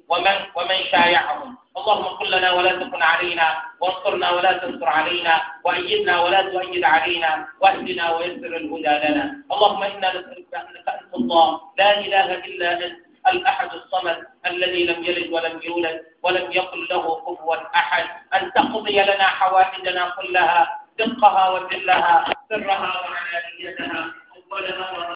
B: ومن ومن شايعهم اللهم قل لنا ولا تكن علينا وانصرنا ولا تنصر علينا وأيدنا ولا تؤيد علينا واهدنا ويسر الهدى لنا اللهم إنا نسألك ان أنت الله لا إله إلا أنت الأحد الصمد الذي لم يلد ولم يولد ولم يقل له كفوا أحد أن تقضي لنا حوائجنا كلها دقها وجلها سرها وعلانيتها أولها